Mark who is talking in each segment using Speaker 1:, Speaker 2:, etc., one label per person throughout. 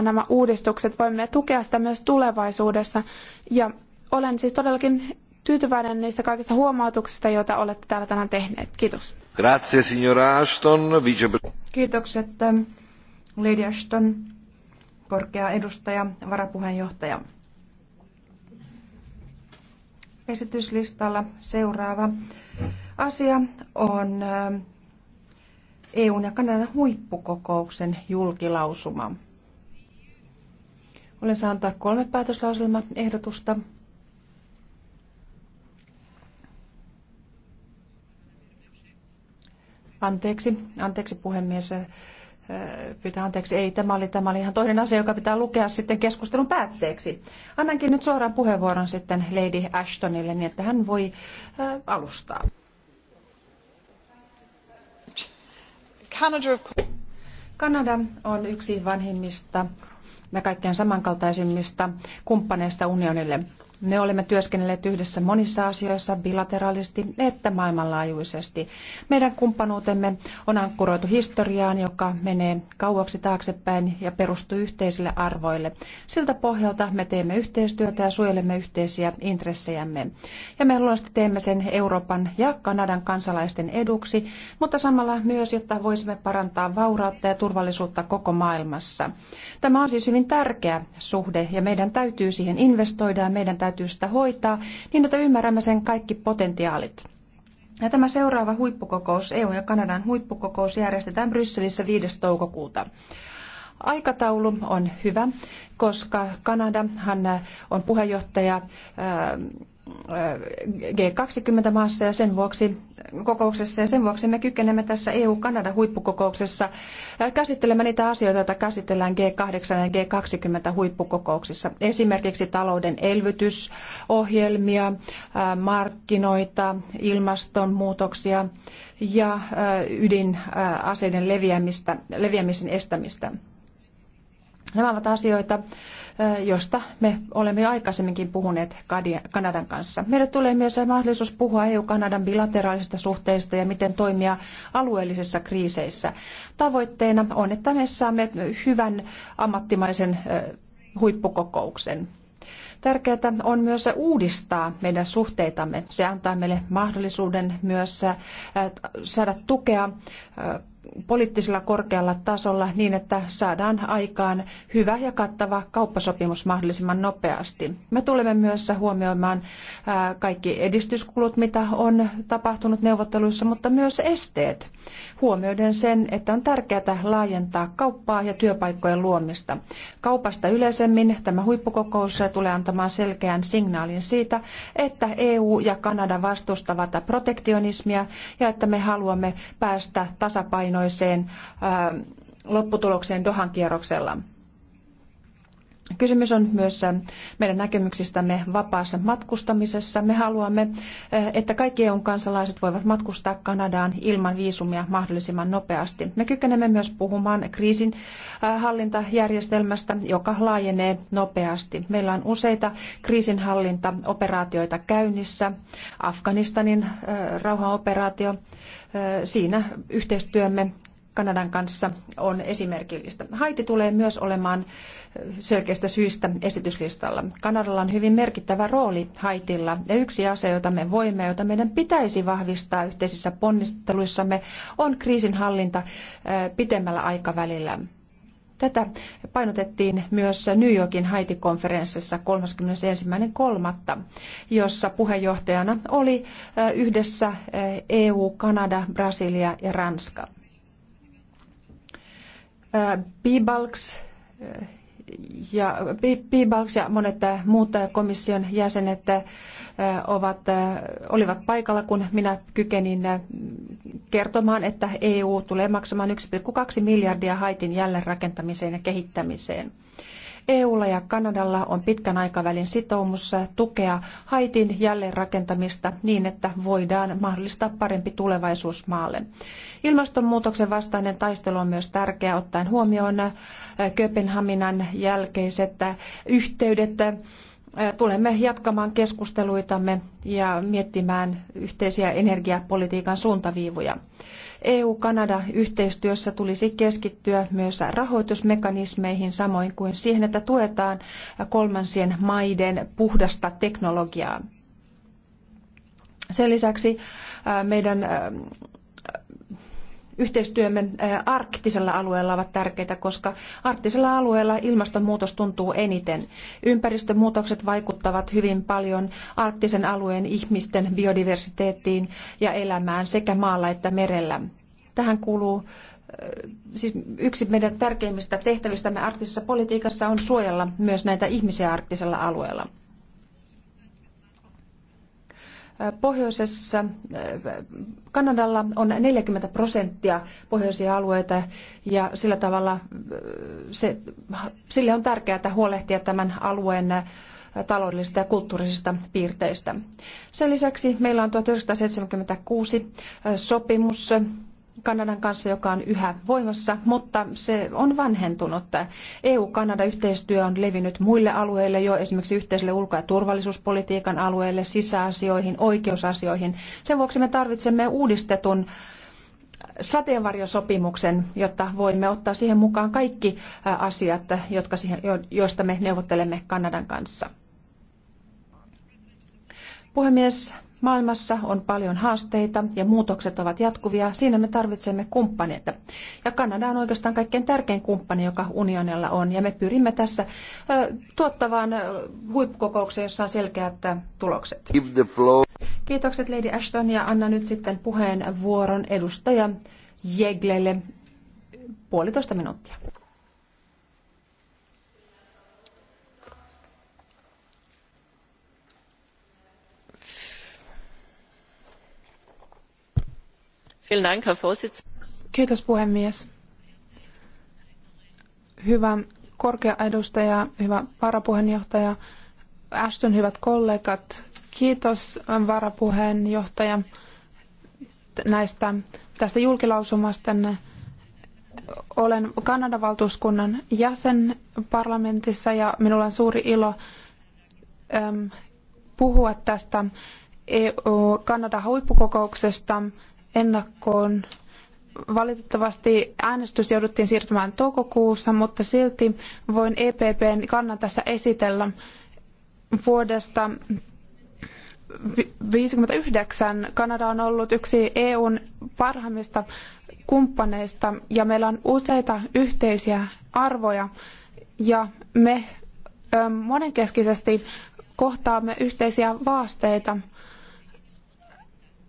Speaker 1: nämä uudistukset, voimme tukea sitä myös tulevaisuudessa. Ja olen siis todellakin tyytyväinen niistä kaikista huomautuksista, joita olette täällä tänään tehneet. Kiitos.
Speaker 2: Grazie, signora Ashton. Vice...
Speaker 1: Kiitokset, ähm, Lady Ashton,
Speaker 3: korkea edustaja, varapuheenjohtaja. Esityslistalla seuraava asia on ähm, EUn ja Kanadan huippukokouksen julkilausuma. Olen saanut antaa kolme päätöslauselmaehdotusta. Anteeksi, anteeksi puhemies. Äh, pyytää anteeksi. Ei, tämä oli, tämä oli ihan toinen asia, joka pitää lukea sitten keskustelun päätteeksi. Annankin nyt suoraan puheenvuoron sitten Lady Ashtonille niin, että hän voi äh, alustaa. Canada on yksi vanhimmista kaikkein samankaltaisimmista kumppaneista unionille. Me olemme työskennelleet yhdessä monissa asioissa bilateraalisesti että maailmanlaajuisesti. Meidän kumppanuutemme on ankkuroitu historiaan, joka menee kauaksi taaksepäin ja perustuu yhteisille arvoille. Siltä pohjalta me teemme yhteistyötä ja suojelemme yhteisiä intressejämme. Ja me luonnollisesti teemme sen Euroopan ja Kanadan kansalaisten eduksi, mutta samalla myös, jotta voisimme parantaa vaurautta ja turvallisuutta koko maailmassa. Tämä on siis hyvin tärkeä suhde ja meidän täytyy siihen investoida ja meidän täytyy täytyy sitä hoitaa niin, että ymmärrämme sen kaikki potentiaalit. Ja tämä seuraava huippukokous, EU ja Kanadan huippukokous, järjestetään Brysselissä 5. toukokuuta. Aikataulu on hyvä, koska Kanadahan on puheenjohtaja G20-maassa ja sen vuoksi kokouksessa ja sen vuoksi me kykenemme tässä EU-Kanada huippukokouksessa käsittelemään niitä asioita, joita käsitellään G8 ja G20 huippukokouksissa. Esimerkiksi talouden elvytysohjelmia, markkinoita, ilmastonmuutoksia ja ydinaseiden leviämistä, leviämisen estämistä. Nämä ovat asioita, josta me olemme jo aikaisemminkin puhuneet Kanadan kanssa. Meille tulee myös mahdollisuus puhua EU-Kanadan bilateraalisista suhteista ja miten toimia alueellisissa kriiseissä. Tavoitteena on, että me saamme hyvän ammattimaisen huippukokouksen. Tärkeää on myös uudistaa meidän suhteitamme. Se antaa meille mahdollisuuden myös saada tukea poliittisella korkealla tasolla niin, että saadaan aikaan hyvä ja kattava kauppasopimus mahdollisimman nopeasti. Me tulemme myös huomioimaan kaikki edistyskulut, mitä on tapahtunut neuvotteluissa, mutta myös esteet, huomioiden sen, että on tärkeää laajentaa kauppaa ja työpaikkojen luomista. Kaupasta yleisemmin tämä huippukokous tulee antamaan selkeän signaalin siitä, että EU ja Kanada vastustavat protektionismia ja että me haluamme päästä tasapainoon tasapainoiseen lopputulokseen Dohan kierroksella. Kysymys on myös äh, meidän näkemyksistämme vapaassa matkustamisessa. Me haluamme, äh, että kaikki EUn kansalaiset voivat matkustaa Kanadaan ilman viisumia mahdollisimman nopeasti. Me kykenemme myös puhumaan kriisin äh, hallintajärjestelmästä, joka laajenee nopeasti. Meillä on useita kriisinhallintaoperaatioita käynnissä. Afganistanin rauhanoperaatio, siinä yhteistyömme Kanadan kanssa on esimerkillistä. Haiti tulee myös olemaan selkeistä syistä esityslistalla. Kanadalla on hyvin merkittävä rooli Haitilla ja yksi asia, jota me voimme, jota meidän pitäisi vahvistaa yhteisissä ponnisteluissamme, on kriisinhallinta äh, pitemmällä aikavälillä. Tätä painotettiin myös New Yorkin Haiti-konferenssissa 31.3., jossa puheenjohtajana oli äh, yhdessä äh, EU, Kanada, Brasilia ja Ranska. Bibalks ja, Bibalks ja monet muut komission jäsenet äh, ovat, äh, olivat paikalla, kun minä kykenin äh, kertomaan, että EU tulee maksamaan 1,2 miljardia Haitin jälleenrakentamiseen ja kehittämiseen. EUlla ja Kanadalla on pitkän aikavälin sitoumus tukea Haitin jälleenrakentamista niin, että voidaan mahdollistaa parempi tulevaisuus maalle. Ilmastonmuutoksen vastainen taistelu on myös tärkeä ottaen huomioon Kööpenhaminan jälkeiset yhteydet tulemme jatkamaan keskusteluitamme ja miettimään yhteisiä energiapolitiikan suuntaviivoja. EU-Kanada-yhteistyössä tulisi keskittyä myös rahoitusmekanismeihin samoin kuin siihen, että tuetaan kolmansien maiden puhdasta teknologiaa. Sen lisäksi meidän yhteistyömme arktisella alueella ovat tärkeitä, koska arktisella alueella ilmastonmuutos tuntuu eniten. Ympäristömuutokset vaikuttavat hyvin paljon arktisen alueen ihmisten biodiversiteettiin ja elämään sekä maalla että merellä. Tähän kuuluu Siis yksi meidän tärkeimmistä tehtävistämme arktisessa politiikassa on suojella myös näitä ihmisiä arktisella alueella. Pohjoisessa Kanadalla on 40 prosenttia pohjoisia alueita ja sillä tavalla eh, se, sille on tärkeää huolehtia tämän alueen eh, taloudellisista ja kulttuurisista piirteistä. Sen lisäksi meillä on 1976 eh, sopimus Kanadan kanssa, joka on yhä voimassa, mutta se on vanhentunut. EU-Kanada-yhteistyö on levinnyt muille alueille jo, esimerkiksi yhteiselle ulko- ja turvallisuuspolitiikan alueelle, sisäasioihin, oikeusasioihin. Sen vuoksi me tarvitsemme uudistetun sateenvarjosopimuksen, jotta voimme ottaa siihen mukaan kaikki asiat, jotka siihen, joista me neuvottelemme Kanadan kanssa. Puhemies, Maailmassa on paljon haasteita ja muutokset ovat jatkuvia. Siinä me tarvitsemme kumppaneita. Ja Kanada on oikeastaan kaikkein tärkein kumppani, joka unionilla on. Ja me pyrimme tässä tuottavaan huippukokoukseen, jossa on selkeät tulokset. Kiitokset Lady Ashton ja anna nyt sitten puheenvuoron edustaja Jeglelle puolitoista minuuttia.
Speaker 1: Kiitos puhemies. Hyvä korkea edustaja, hyvä varapuheenjohtaja, Ashton, hyvät kollegat. Kiitos varapuheenjohtaja näistä, tästä julkilausumasta. Olen Kanadan valtuuskunnan jäsen parlamentissa ja minulla on suuri ilo puhua tästä EU-Kanada huippukokouksesta – ennakkoon. Valitettavasti äänestys jouduttiin siirtämään toukokuussa, mutta silti voin EPPn kannan tässä esitellä vuodesta 1959 Kanada on ollut yksi EUn parhaimmista kumppaneista ja meillä on useita yhteisiä arvoja ja me monenkeskisesti kohtaamme yhteisiä vaasteita –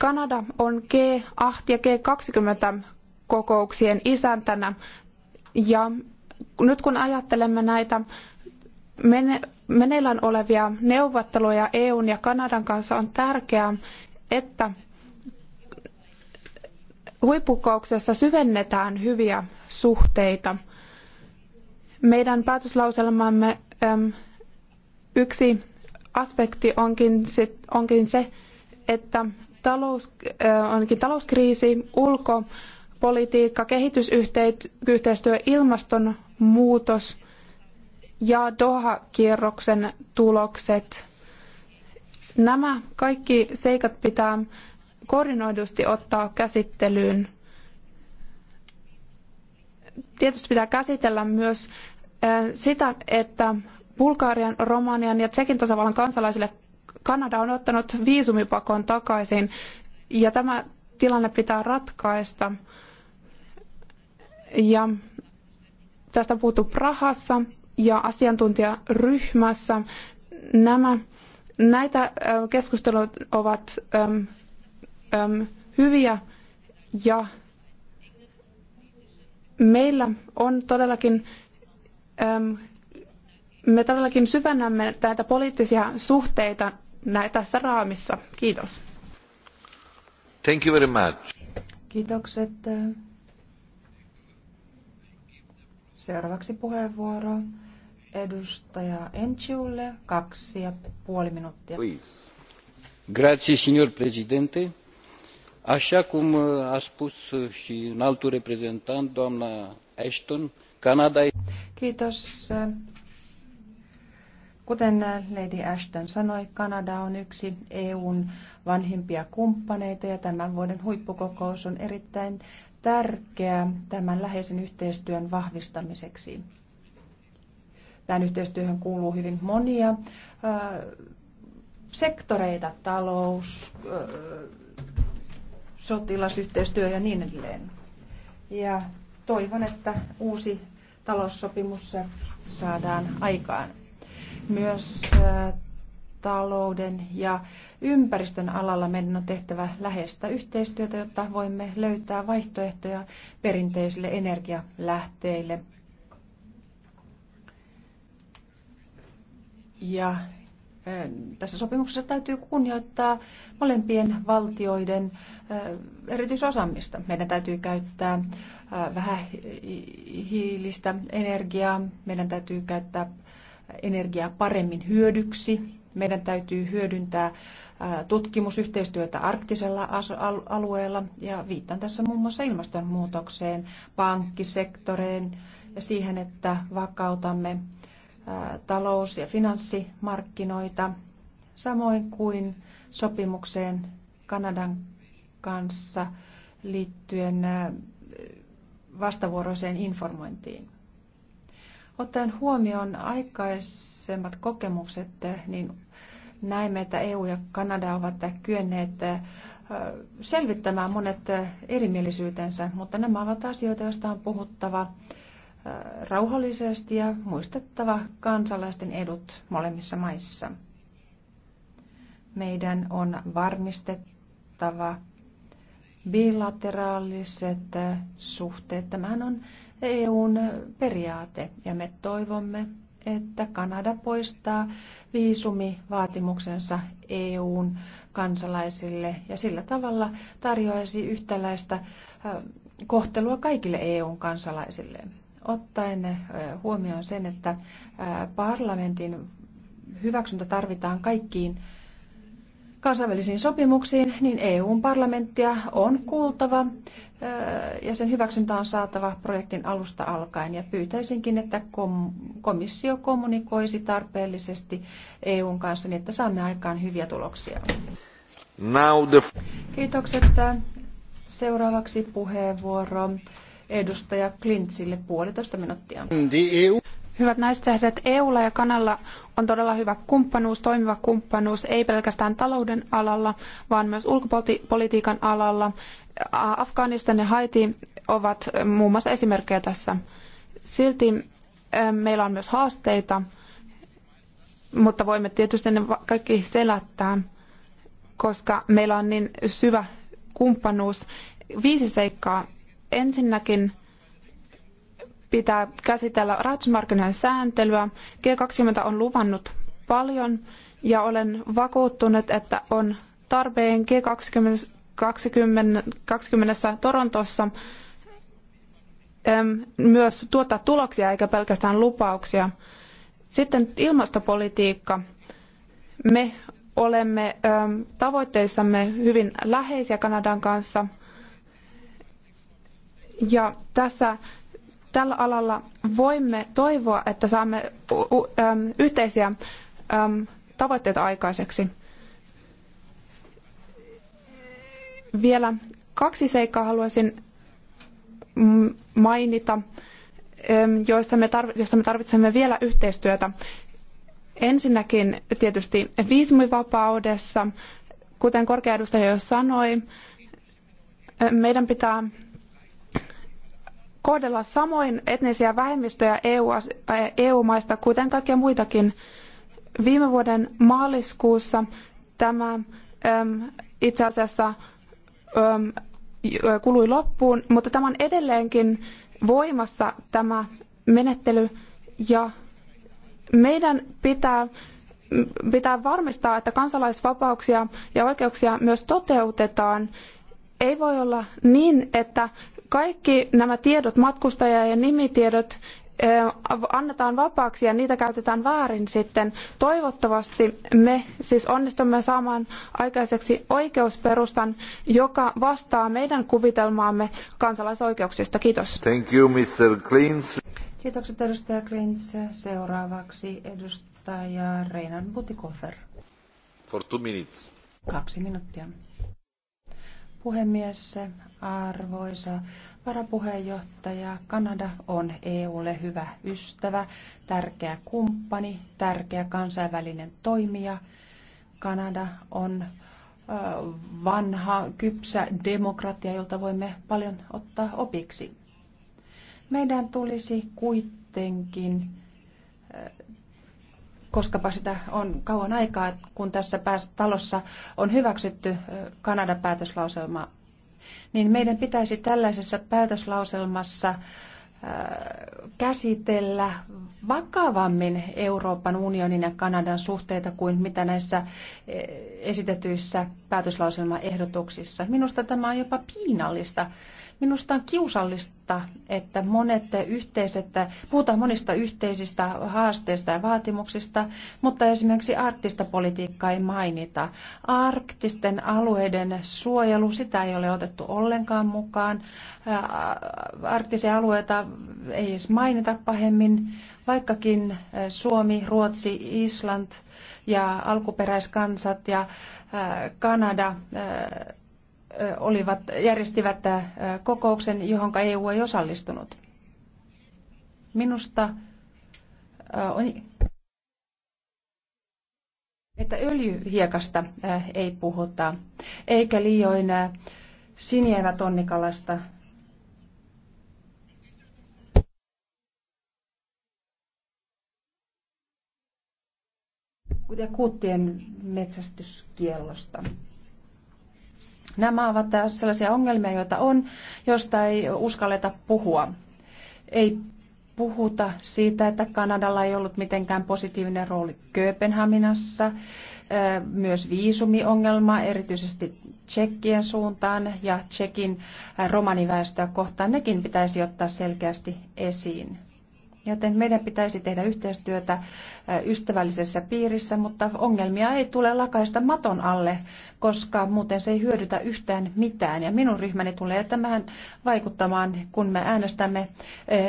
Speaker 1: Kanada on G8 ja G20 kokouksien isäntänä. Ja nyt kun ajattelemme näitä meneillään olevia neuvotteluja EUn ja Kanadan kanssa, on tärkeää, että huippukouksessa syvennetään hyviä suhteita. Meidän päätöslauselmamme ähm, yksi aspekti onkin, onkin se, että talous, äh, ainakin talouskriisi, ulkopolitiikka, kehitysyhteistyö, ilmastonmuutos ja Doha-kierroksen tulokset. Nämä kaikki seikat pitää koordinoidusti ottaa käsittelyyn. Tietysti pitää käsitellä myös äh, sitä, että Bulgarian, Romanian ja Tsekin tasavallan kansalaisille Kanada on ottanut viisumipakon takaisin ja tämä tilanne pitää ratkaista. Ja tästä puhuttu Prahassa ja asiantuntijaryhmässä. Nämä, näitä keskustelut ovat äm, äm, hyviä ja meillä on todellakin äm, me todellakin syvennämme näitä poliittisia suhteita tässä raamissa. Kiitos.
Speaker 2: Thank you very much.
Speaker 1: Kiitokset.
Speaker 3: Seuraavaksi puheenvuoro edustaja Enciulle, kaksi ja puoli minuuttia. Please.
Speaker 2: Grazie, signor Presidente. Așa cum a spus și un altul reprezentant, doamna Ashton, Canada... E-
Speaker 3: Kiitos, Kuten äh, Lady Ashton sanoi, Kanada on yksi EUn vanhimpia kumppaneita ja tämän vuoden huippukokous on erittäin tärkeä tämän läheisen yhteistyön vahvistamiseksi. Tämän yhteistyöhön kuuluu hyvin monia äh, sektoreita, talous, äh, sotilasyhteistyö ja niin edelleen. Ja toivon, että uusi taloussopimus saadaan aikaan. Myös talouden ja ympäristön alalla meidän on tehtävä läheistä yhteistyötä, jotta voimme löytää vaihtoehtoja perinteisille energialähteille. Ja tässä sopimuksessa täytyy kunnioittaa molempien valtioiden erityisosaamista. Meidän täytyy käyttää vähän hiilistä energiaa, meidän täytyy käyttää energiaa paremmin hyödyksi. Meidän täytyy hyödyntää tutkimusyhteistyötä arktisella alueella ja viittaan tässä muun muassa ilmastonmuutokseen, pankkisektoreen ja siihen, että vakautamme talous- ja finanssimarkkinoita, samoin kuin sopimukseen Kanadan kanssa liittyen vastavuoroiseen informointiin. Ottaen huomioon aikaisemmat kokemukset, niin näimme, että EU ja Kanada ovat kyenneet selvittämään monet erimielisyytensä, mutta nämä ovat asioita, joista on puhuttava rauhallisesti ja muistettava kansalaisten edut molemmissa maissa. Meidän on varmistettava bilateraaliset suhteet. Tämähän on EUn periaate ja me toivomme, että Kanada poistaa viisumivaatimuksensa EUn kansalaisille ja sillä tavalla tarjoaisi yhtäläistä kohtelua kaikille EUn kansalaisille. Ottaen huomioon sen, että parlamentin hyväksyntä tarvitaan kaikkiin kansainvälisiin sopimuksiin, niin EUn parlamenttia on kuultava ja sen hyväksyntä on saatava projektin alusta alkaen. Ja pyytäisinkin, että komissio kommunikoisi tarpeellisesti EUn kanssa niin, että saamme aikaan hyviä tuloksia.
Speaker 2: Now the...
Speaker 3: Kiitokset. Seuraavaksi puheenvuoro
Speaker 1: edustaja Klintsille puolitoista minuuttia. EU... Hyvät naistähdet, EUlla ja Kanalla on todella hyvä kumppanuus, toimiva kumppanuus, ei pelkästään talouden alalla, vaan myös ulkopolitiikan alalla. Afganistan ja Haiti ovat muun muassa esimerkkejä tässä. Silti meillä on myös haasteita, mutta voimme tietysti ne kaikki selättää, koska meillä on niin syvä kumppanuus. Viisi seikkaa. Ensinnäkin pitää käsitellä rahoitusmarkkinoiden sääntelyä. G20 on luvannut paljon ja olen vakuuttunut, että on tarpeen G20 20, 20 Torontossa myös tuottaa tuloksia eikä pelkästään lupauksia. Sitten ilmastopolitiikka. Me olemme tavoitteissamme hyvin läheisiä Kanadan kanssa. Ja tässä tällä alalla voimme toivoa, että saamme yhteisiä tavoitteita aikaiseksi. Vielä kaksi seikkaa haluaisin mainita, joissa me, joissa me tarvitsemme vielä yhteistyötä. Ensinnäkin tietysti viisumivapaudessa, kuten korkea edustaja jo sanoi, meidän pitää kohdella samoin etnisiä vähemmistöjä EU-maista, e kuten kaikkia muitakin. Viime vuoden maaliskuussa tämä itse asiassa kului loppuun, mutta tämä on edelleenkin voimassa tämä menettely ja meidän pitää, pitää varmistaa, että kansalaisvapauksia ja oikeuksia myös toteutetaan. Ei voi olla niin, että kaikki nämä tiedot, matkustaja- ja nimitiedot, annetaan vapaaksi ja niitä käytetään väärin sitten. Toivottavasti me siis onnistumme saamaan aikaiseksi oikeusperustan, joka vastaa meidän kuvitelmaamme kansalaisoikeuksista. Kiitos.
Speaker 2: Thank you, Mr. Klins.
Speaker 1: Kiitokset edustaja Klins. Seuraavaksi
Speaker 3: edustaja Reinan Butikofer.
Speaker 2: For two minutes.
Speaker 3: Kaksi minuuttia puhemies, arvoisa varapuheenjohtaja, Kanada on EUlle hyvä ystävä, tärkeä kumppani, tärkeä kansainvälinen toimija. Kanada on vanha, kypsä demokratia, jolta voimme paljon ottaa opiksi. Meidän tulisi kuitenkin koskapa sitä on kauan aikaa, kun tässä talossa on hyväksytty Kanadan päätöslauselma, niin meidän pitäisi tällaisessa päätöslauselmassa käsitellä vakavammin Euroopan unionin ja Kanadan suhteita kuin mitä näissä esitetyissä päätöslauselmaehdotuksissa. Minusta tämä on jopa piinallista. Minusta on kiusallista, että monet yhteiset, puhutaan monista yhteisistä haasteista ja vaatimuksista, mutta esimerkiksi arktista politiikkaa ei mainita. Arktisten alueiden suojelu, sitä ei ole otettu ollenkaan mukaan. Arktisia alueita ei edes mainita pahemmin, vaikkakin Suomi, Ruotsi, Island ja alkuperäiskansat ja Kanada olivat, järjestivät kokouksen, johon EU ei osallistunut. Minusta on, että öljyhiekasta ei puhuta, eikä liioin sinievä tonnikalasta. Kuten kuuttien metsästyskiellosta. Nämä ovat sellaisia ongelmia, joita on, joista ei uskalleta puhua. Ei puhuta siitä, että Kanadalla ei ollut mitenkään positiivinen rooli Kööpenhaminassa. Myös viisumiongelma, erityisesti Tsekkien suuntaan ja Tsekin romaniväestöä kohtaan, nekin pitäisi ottaa selkeästi esiin. Joten meidän pitäisi tehdä yhteistyötä ystävällisessä piirissä, mutta ongelmia ei tule lakaista maton alle, koska muuten se ei hyödytä yhtään mitään. Ja minun ryhmäni tulee tämän vaikuttamaan, kun me äänestämme,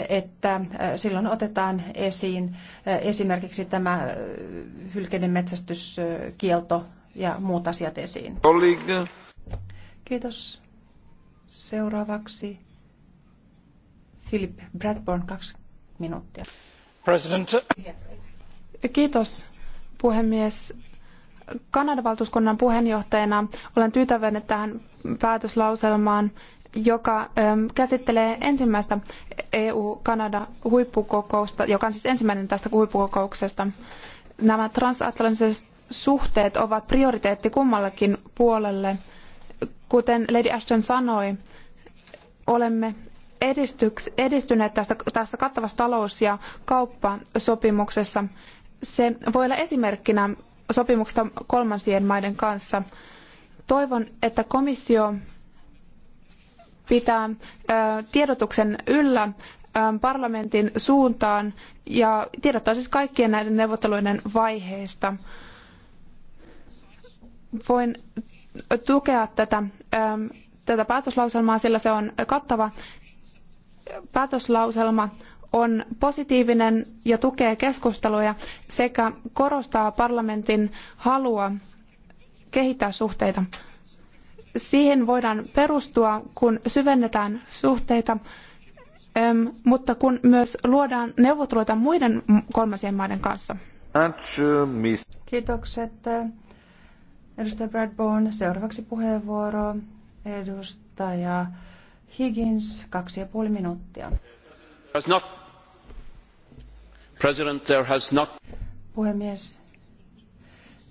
Speaker 3: että silloin otetaan esiin esimerkiksi tämä hylkeiden metsästyskielto ja muut asiat esiin. Kiitos. Seuraavaksi
Speaker 1: Philip Bradburn, kaksi minuuttia. President. Kiitos, puhemies. Kanadan valtuuskunnan puheenjohtajana olen tyytyväinen tähän päätöslauselmaan, joka ähm, käsittelee ensimmäistä EU-Kanada-huippukokousta, joka on siis ensimmäinen tästä huippukokouksesta. Nämä transatlanttiset suhteet ovat prioriteetti kummallakin puolelle. Kuten Lady Ashton sanoi, olemme edistyks, edistyneet tästä, tässä kattavassa talous- ja kauppasopimuksessa. Se voi olla esimerkkinä sopimuksesta kolmansien maiden kanssa. Toivon, että komissio pitää tiedotuksen yllä parlamentin suuntaan ja tiedottaa siis kaikkien näiden neuvotteluiden vaiheista. Voin tukea tätä, tätä päätöslauselmaa, sillä se on kattava päätöslauselma on positiivinen ja tukee keskusteluja sekä korostaa parlamentin halua kehittää suhteita. Siihen voidaan perustua, kun syvennetään suhteita, mutta kun myös luodaan neuvotteluita muiden kolmansien maiden kanssa. Kiitokset. Edustaja Bradbourne,
Speaker 3: seuraavaksi puheenvuoro. Edustaja Higgins, kaksi ja puoli minuuttia. Puhemies,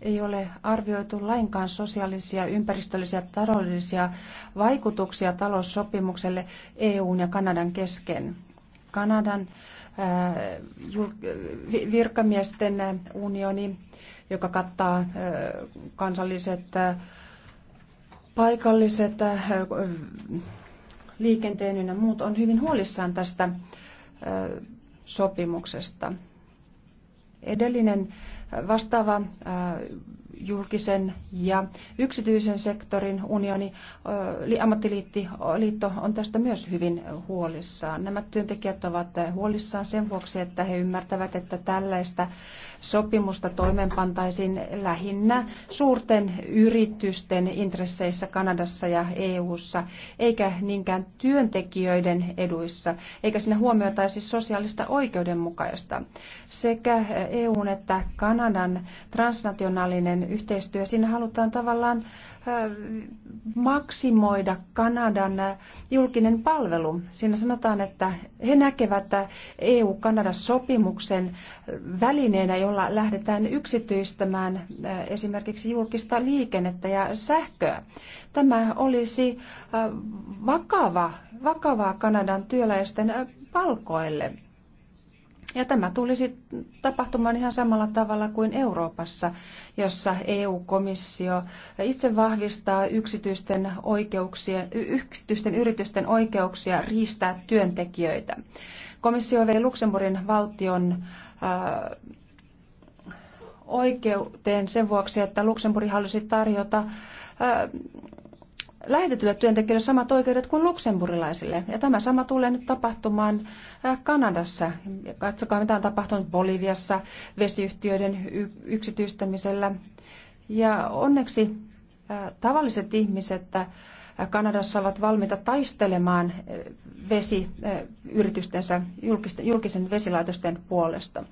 Speaker 3: ei ole arvioitu lainkaan sosiaalisia, ympäristöllisiä ja taloudellisia vaikutuksia taloussopimukselle EUn ja Kanadan kesken. Kanadan äh, virkamiesten unioni, joka kattaa äh, kansalliset, äh, paikalliset, liikenteen ja muut on hyvin huolissaan tästä sopimuksesta. Edellinen vastaava julkisen ja yksityisen sektorin unioni, ammattiliitto on tästä myös hyvin huolissaan. Nämä työntekijät ovat huolissaan sen vuoksi, että he ymmärtävät, että tällaista sopimusta toimeenpantaisiin lähinnä suurten yritysten intresseissä Kanadassa ja EU:ssa, eikä niinkään työntekijöiden eduissa, eikä siinä huomioitaisi siis sosiaalista oikeudenmukaista. Sekä EUn että Kanadan transnationaalinen yhteistyö, siinä halutaan tavallaan maksimoida Kanadan julkinen palvelu. Siinä sanotaan, että he näkevät EU-Kanada sopimuksen välineenä, jolla jolla lähdetään yksityistämään äh, esimerkiksi julkista liikennettä ja sähköä. Tämä olisi äh, vakava, vakavaa Kanadan työläisten äh, palkoille. Ja tämä tulisi tapahtumaan ihan samalla tavalla kuin Euroopassa, jossa EU-komissio itse vahvistaa yksityisten, oikeuksia, yksityisten yritysten oikeuksia riistää työntekijöitä. Komissio vei Luxemburgin valtion äh, oikeuteen sen vuoksi, että Luxemburg halusi tarjota ää, lähetetyille työntekijöille samat oikeudet kuin luksemburilaisille. Ja tämä sama tulee nyt tapahtumaan Kanadassa. Katsokaa, mitä on tapahtunut Boliviassa vesiyhtiöiden yksityistämisellä. Ja onneksi tavalliset ihmiset Kanadassa ovat valmiita taistelemaan vesiyritystensä julkisten, julkisen vesilaitosten puolesta.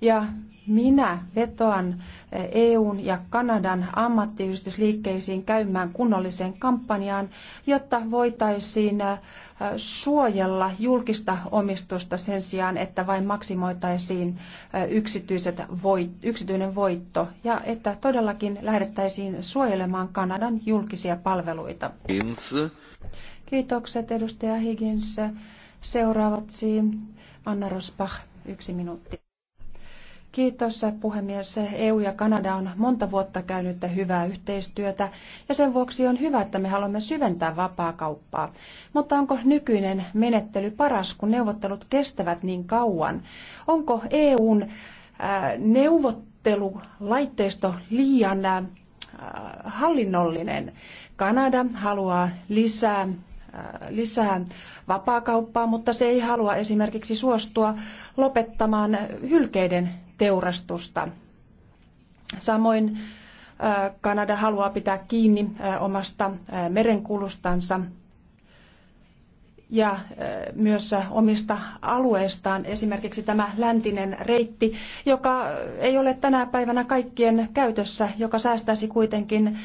Speaker 3: Ja minä vetoan eh, EUn ja Kanadan ammattiyhdistysliikkeisiin käymään kunnolliseen kampanjaan, jotta voitaisiin eh, suojella julkista omistusta sen sijaan, että vain maksimoitaisiin eh, yksityiset voit, yksityinen voitto ja että todellakin lähdettäisiin suojelemaan Kanadan julkisia palveluita. Kiitokset edustaja Higgins. Seuraavaksi Anna Rosbach, yksi minuutti. Kiitos puhemies. EU ja Kanada on monta vuotta käynyt hyvää yhteistyötä ja sen vuoksi on hyvä, että me haluamme syventää vapaakauppaa. Mutta onko nykyinen menettely paras, kun neuvottelut kestävät niin kauan? Onko EUn äh, neuvottelulaitteisto liian äh, hallinnollinen? Kanada haluaa lisää äh, lisää vapaakauppaa, mutta se ei halua esimerkiksi suostua lopettamaan hylkeiden teurastusta. Samoin äh, Kanada haluaa pitää kiinni äh, omasta äh, merenkulustansa ja myös omista alueistaan, esimerkiksi tämä läntinen reitti, joka ei ole tänä päivänä kaikkien käytössä, joka säästäisi kuitenkin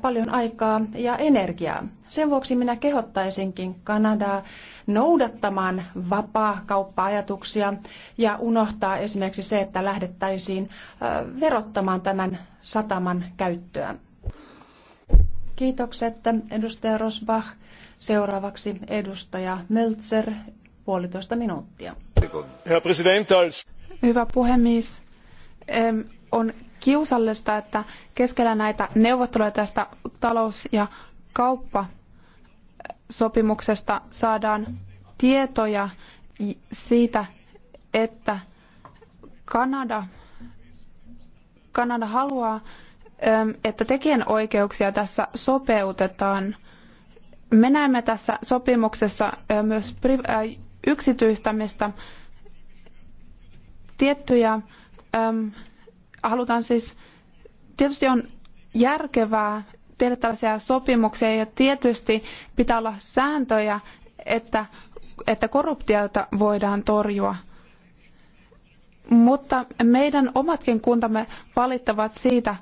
Speaker 3: paljon aikaa ja energiaa. Sen vuoksi minä kehottaisinkin Kanadaa noudattamaan vapaa kauppa-ajatuksia ja unohtaa esimerkiksi se, että lähdettäisiin verottamaan tämän sataman käyttöä. Kiitokset, edustaja Rosbach. Seuraavaksi
Speaker 1: edustaja Möltser, puolitoista minuuttia. Hyvä puhemies. On kiusallista, että keskellä näitä neuvotteluja tästä talous- ja kauppasopimuksesta saadaan tietoja siitä, että Kanada, Kanada haluaa että tekijänoikeuksia tässä sopeutetaan. Me näemme tässä sopimuksessa myös yksityistämistä tiettyjä, halutaan siis, tietysti on järkevää tehdä tällaisia sopimuksia ja tietysti pitää olla sääntöjä, että, että korruptiota voidaan torjua. Mutta meidän omatkin kuntamme valittavat siitä,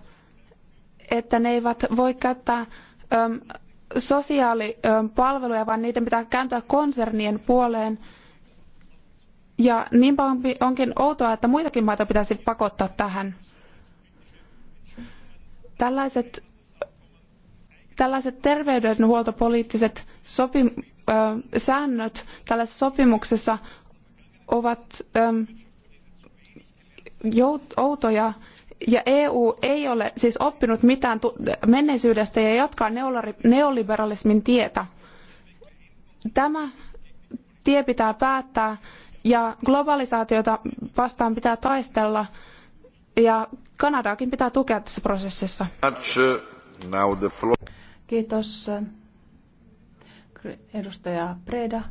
Speaker 1: että ne eivät voi käyttää ähm, sosiaalipalveluja, ähm, vaan niiden pitää kääntyä konsernien puoleen. Ja niinpä onkin outoa, että muitakin maita pitäisi pakottaa tähän. Tällaiset, tällaiset terveydenhuoltopoliittiset sopim, ähm, säännöt tällaisessa sopimuksessa ovat ähm, jout, outoja ja EU ei ole siis oppinut mitään menneisyydestä ja jatkaa neoliberalismin tietä. Tämä tie pitää päättää ja globalisaatiota vastaan pitää taistella ja Kanadaakin pitää tukea tässä prosessissa. Kiitos. Edustaja
Speaker 3: Preda,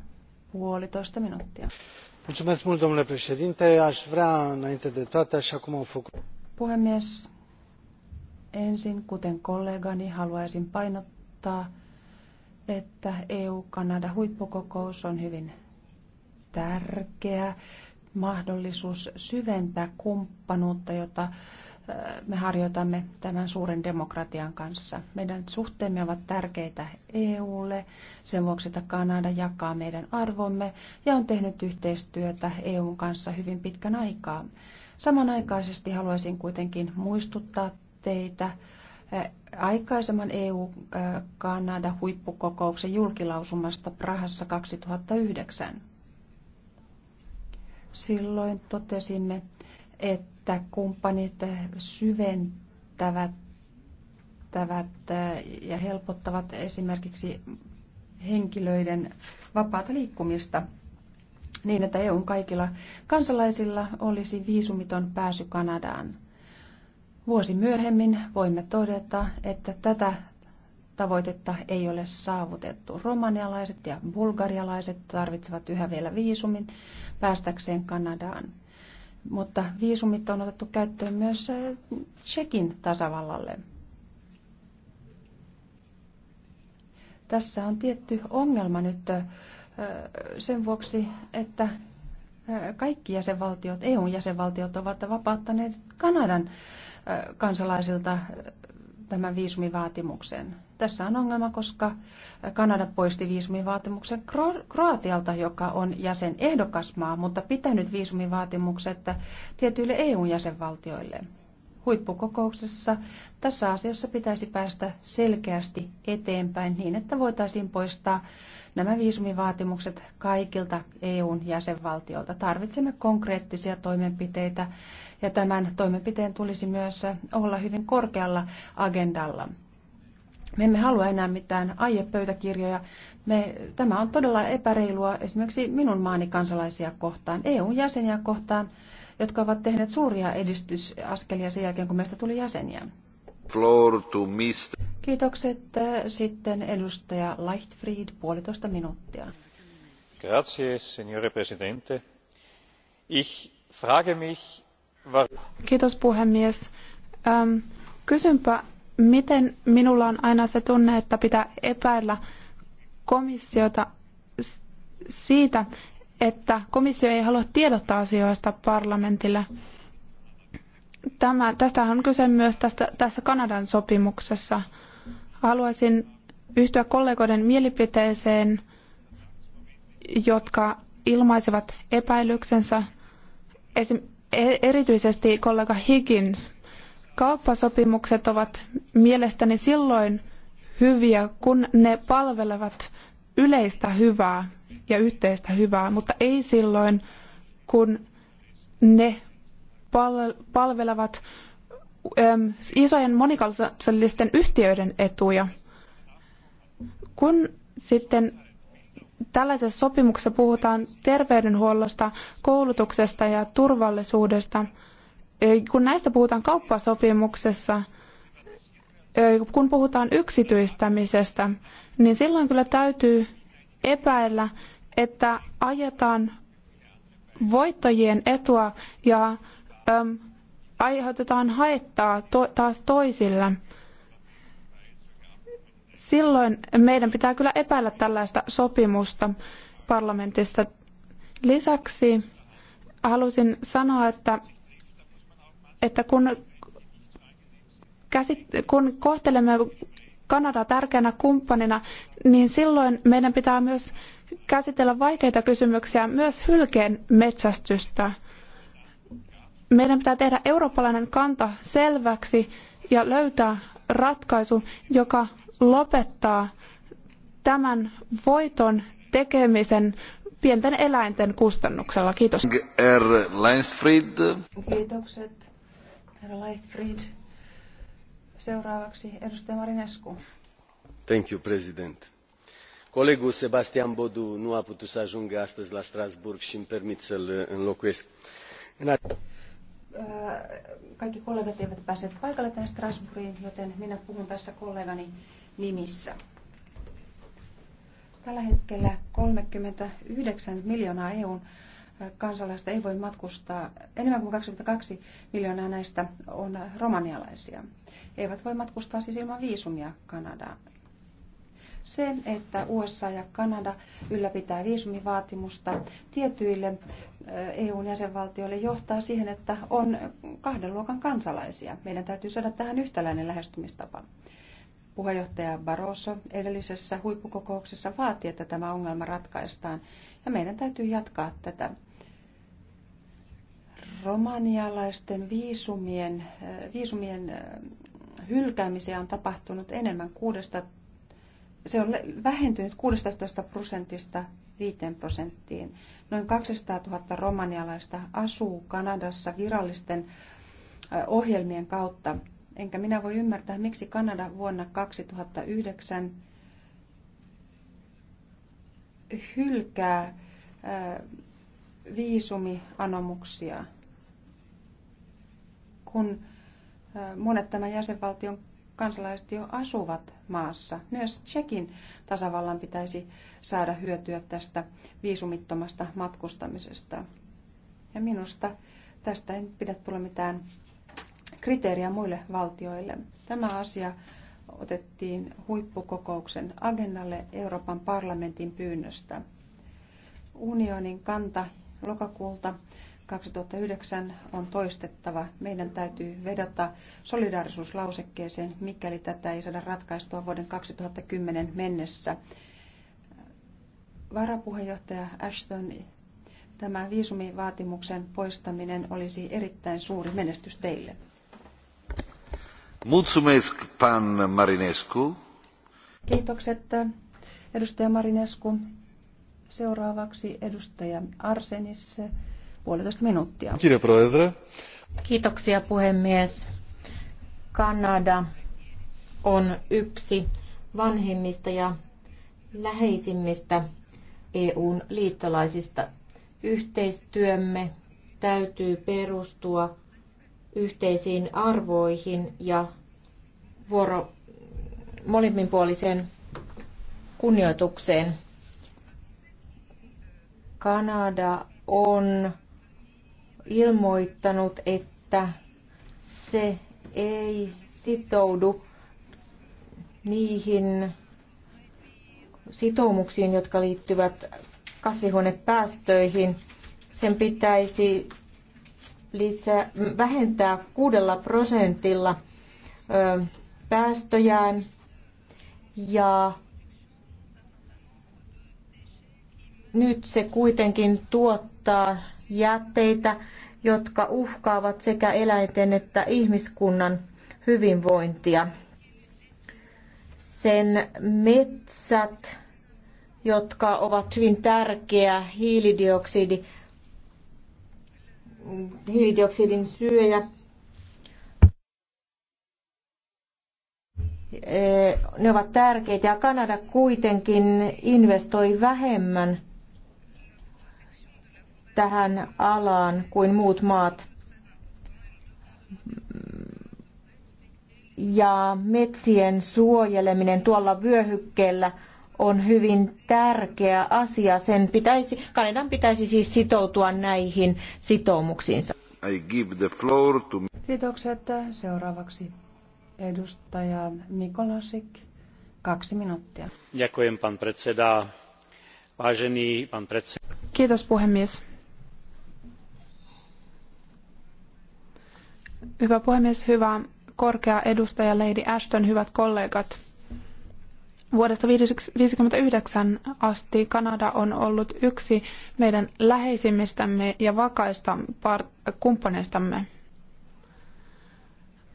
Speaker 3: puolitoista minuuttia.
Speaker 1: Mulțumesc mult, domnule președinte. Aș vrea, înainte de toate, așa cum au făcut
Speaker 3: Puhemies, ensin kuten kollegani haluaisin painottaa, että EU-Kanada-huippukokous on hyvin tärkeä mahdollisuus syventää kumppanuutta, jota äh, me harjoitamme tämän suuren demokratian kanssa. Meidän suhteemme ovat tärkeitä EUlle sen vuoksi, että Kanada jakaa meidän arvomme ja on tehnyt yhteistyötä EUn kanssa hyvin pitkän aikaa. Samanaikaisesti haluaisin kuitenkin muistuttaa teitä aikaisemman EU-Kanada huippukokouksen julkilausumasta Prahassa 2009. Silloin totesimme, että kumppanit syventävät ja helpottavat esimerkiksi henkilöiden vapaata liikkumista niin, että EUn kaikilla kansalaisilla olisi viisumiton pääsy Kanadaan. Vuosi myöhemmin voimme todeta, että tätä tavoitetta ei ole saavutettu. Romanialaiset ja bulgarialaiset tarvitsevat yhä vielä viisumin päästäkseen Kanadaan. Mutta viisumit on otettu käyttöön myös äh, Tsekin tasavallalle. Tässä on tietty ongelma nyt äh, sen vuoksi, että kaikki jäsenvaltiot, EUn jäsenvaltiot ovat vapauttaneet Kanadan kansalaisilta tämän viisumivaatimuksen. Tässä on ongelma, koska Kanada poisti viisumivaatimuksen Kroatialta, joka on jäsen ehdokasmaa, mutta pitänyt viisumivaatimukset tietyille EUn jäsenvaltioille huippukokouksessa tässä asiassa pitäisi päästä selkeästi eteenpäin niin, että voitaisiin poistaa nämä viisumivaatimukset kaikilta EUn jäsenvaltiolta. Tarvitsemme konkreettisia toimenpiteitä ja tämän toimenpiteen tulisi myös olla hyvin korkealla agendalla. Me emme halua enää mitään aiepöytäkirjoja. Me, tämä on todella epäreilua esimerkiksi minun maani kansalaisia kohtaan, EUn jäseniä kohtaan, jotka ovat tehneet suuria edistysaskelia sen jälkeen, kun meistä tuli jäseniä.
Speaker 2: Floor to mist.
Speaker 3: Kiitokset. Äh, sitten edustaja Leichtfried, puolitoista minuuttia.
Speaker 2: Grazie, signore presidente. Ich frage mich,
Speaker 1: var... Kiitos puhemies. Öm, ähm, kysynpä, miten minulla on aina se tunne, että pitää epäillä komissiota siitä, että komissio ei halua tiedottaa asioista parlamentille. Tämä, tästähän on kyse myös tästä, tässä Kanadan sopimuksessa. Haluaisin yhtyä kollegoiden mielipiteeseen, jotka ilmaisivat epäilyksensä, esim, e- erityisesti kollega Higgins. Kauppasopimukset ovat mielestäni silloin hyviä, kun ne palvelevat yleistä hyvää ja yhteistä hyvää, mutta ei silloin, kun ne palvelevat ähm, isojen monikansallisten yhtiöiden etuja. Kun sitten tällaisessa sopimuksessa puhutaan terveydenhuollosta, koulutuksesta ja turvallisuudesta, kun näistä puhutaan kauppasopimuksessa, kun puhutaan yksityistämisestä, niin silloin kyllä täytyy epäillä, että ajetaan voittajien etua ja äm, aiheutetaan haittaa to, taas toisille. Silloin meidän pitää kyllä epäillä tällaista sopimusta parlamentista. Lisäksi halusin sanoa, että, että kun, käsit, kun kohtelemme Kanada tärkeänä kumppanina, niin silloin meidän pitää myös käsitellä vaikeita kysymyksiä, myös hylkeen metsästystä. Meidän pitää tehdä eurooppalainen kanta selväksi ja löytää ratkaisu, joka lopettaa tämän voiton tekemisen pienten eläinten kustannuksella. Kiitos. Kiitokset,
Speaker 3: herra Seuraavaksi edustaja Marinescu.
Speaker 2: Thank you, President. Colegul Sebastian Bodu nu a putut să ajungă astăzi la Strasburg și îmi permit să-l înlocuiesc. În
Speaker 3: kaikki kollegat eivät päässeet paikalle tänne Strasbourgiin, joten minä puhun tässä kollegani nimissä. Tällä hetkellä 39 miljoonaa EUn kansalaista ei voi matkustaa. Enemmän kuin 22 miljoonaa näistä on romanialaisia. Eivät voi matkustaa siis ilman viisumia Kanadaan. Se, että USA ja Kanada ylläpitää viisumivaatimusta tietyille eh, EUn jäsenvaltioille johtaa siihen, että on kahden luokan kansalaisia. Meidän täytyy saada tähän yhtäläinen lähestymistapa puheenjohtaja Barroso edellisessä huippukokouksessa vaati, että tämä ongelma ratkaistaan, ja meidän täytyy jatkaa tätä. Romanialaisten viisumien, eh, viisumien eh, hylkäämisiä on tapahtunut enemmän kuudesta, se on vähentynyt 16 prosentista 5 prosenttiin. Noin 200 000 romanialaista asuu Kanadassa virallisten eh, ohjelmien kautta Enkä minä voi ymmärtää, miksi Kanada vuonna 2009 hylkää äh, viisumianomuksia, kun äh, monet tämän jäsenvaltion kansalaiset jo asuvat maassa. Myös Tsekin tasavallan pitäisi saada hyötyä tästä viisumittomasta matkustamisesta. Ja minusta tästä ei pidä tulla mitään kriteeriä muille valtioille. Tämä asia otettiin huippukokouksen agendalle Euroopan parlamentin pyynnöstä. Unionin kanta lokakuulta 2009 on toistettava. Meidän täytyy vedota solidaarisuuslausekkeeseen, mikäli tätä ei saada ratkaistua vuoden 2010 mennessä. Varapuheenjohtaja Ashton, tämä viisumivaatimuksen poistaminen olisi erittäin suuri menestys teille.
Speaker 2: Mulțumesc, pan Marinescu.
Speaker 3: Kiitokset, edustaja Marinescu. Seuraavaksi edustaja Arsenis, puolitoista minuuttia. Kiitoksia puhemies. Kanada on
Speaker 2: yksi vanhimmista ja läheisimmistä EUn liittolaisista. Yhteistyömme täytyy perustua yhteisiin arvoihin ja vuoro molemminpuoliseen kunnioitukseen. Kanada on ilmoittanut, että se ei sitoudu niihin sitoumuksiin, jotka liittyvät kasvihuonepäästöihin. Sen pitäisi lisää, vähentää kuudella prosentilla ö, päästöjään ja nyt se kuitenkin tuottaa jätteitä, jotka uhkaavat sekä eläinten että ihmiskunnan hyvinvointia. Sen metsät, jotka ovat hyvin tärkeä hiilidioksidi hiilidioksidin syöjä. E, ne ovat tärkeitä ja Kanada kuitenkin investoi vähemmän tähän alaan kuin muut maat. Ja metsien suojeleminen tuolla vyöhykkeellä – on hyvin tärkeä asia. Sen pitäisi, Kanadan pitäisi siis sitoutua näihin sitoumuksiinsa. I give the floor to...
Speaker 3: Kiitokset. Seuraavaksi edustaja Nikolasik. Kaksi minuuttia.
Speaker 2: Jakujem, pan predseda. pan predseda.
Speaker 1: Kiitos puhemies. Hyvä puhemies, hyvä korkea edustaja Lady Ashton, hyvät kollegat. Vuodesta 1959 asti Kanada on ollut yksi meidän läheisimmistämme ja vakaista kumppaneistamme.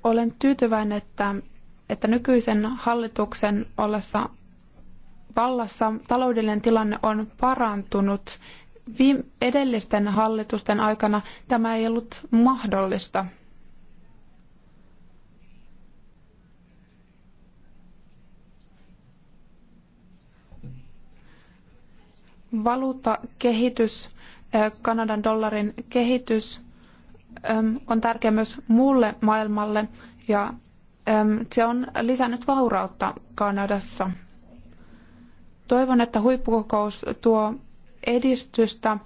Speaker 1: Olen tyytyväinen, että, että nykyisen hallituksen ollessa vallassa taloudellinen tilanne on parantunut. Edellisten hallitusten aikana tämä ei ollut mahdollista. valuuttakehitys, Kanadan dollarin kehitys on tärkeä myös muulle maailmalle ja se on lisännyt vaurautta Kanadassa. Toivon, että huippukokous tuo edistystä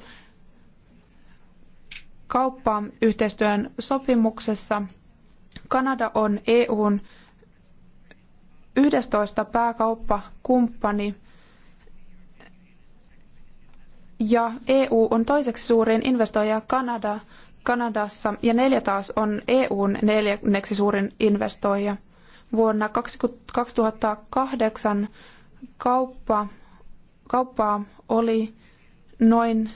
Speaker 1: kauppayhteistyön sopimuksessa. Kanada on EUn 11 pääkauppakumppani ja EU on toiseksi suurin investoija Kanada, Kanadassa ja neljä taas on EUn neljänneksi suurin investoija. Vuonna 2008 kauppa, kauppaa oli noin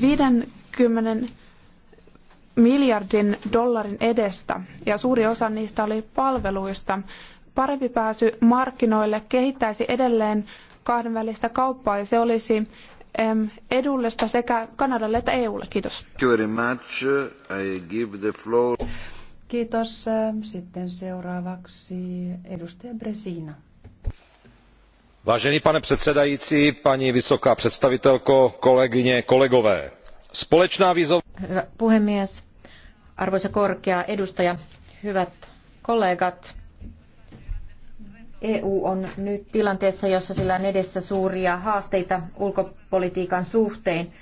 Speaker 1: 50 miljardin dollarin edestä ja suuri osa niistä oli palveluista. Parempi pääsy markkinoille kehittäisi edelleen kahdenvälistä kauppaa ja se olisi edullista sekä Kanadalle että EUlle. Kiitos. Kiitos. Ähm, sitten
Speaker 3: seuraavaksi edustaja Bresina.
Speaker 2: Vážený pane předsedající, paní vysoká představitelko, kolegyně, kolegové. Společná vízová... Hyvä puhemies, arvoisa korkea edustaja, hyvät kollegat. EU on nyt tilanteessa, jossa sillä on edessä suuria haasteita ulkopolitiikan suhteen.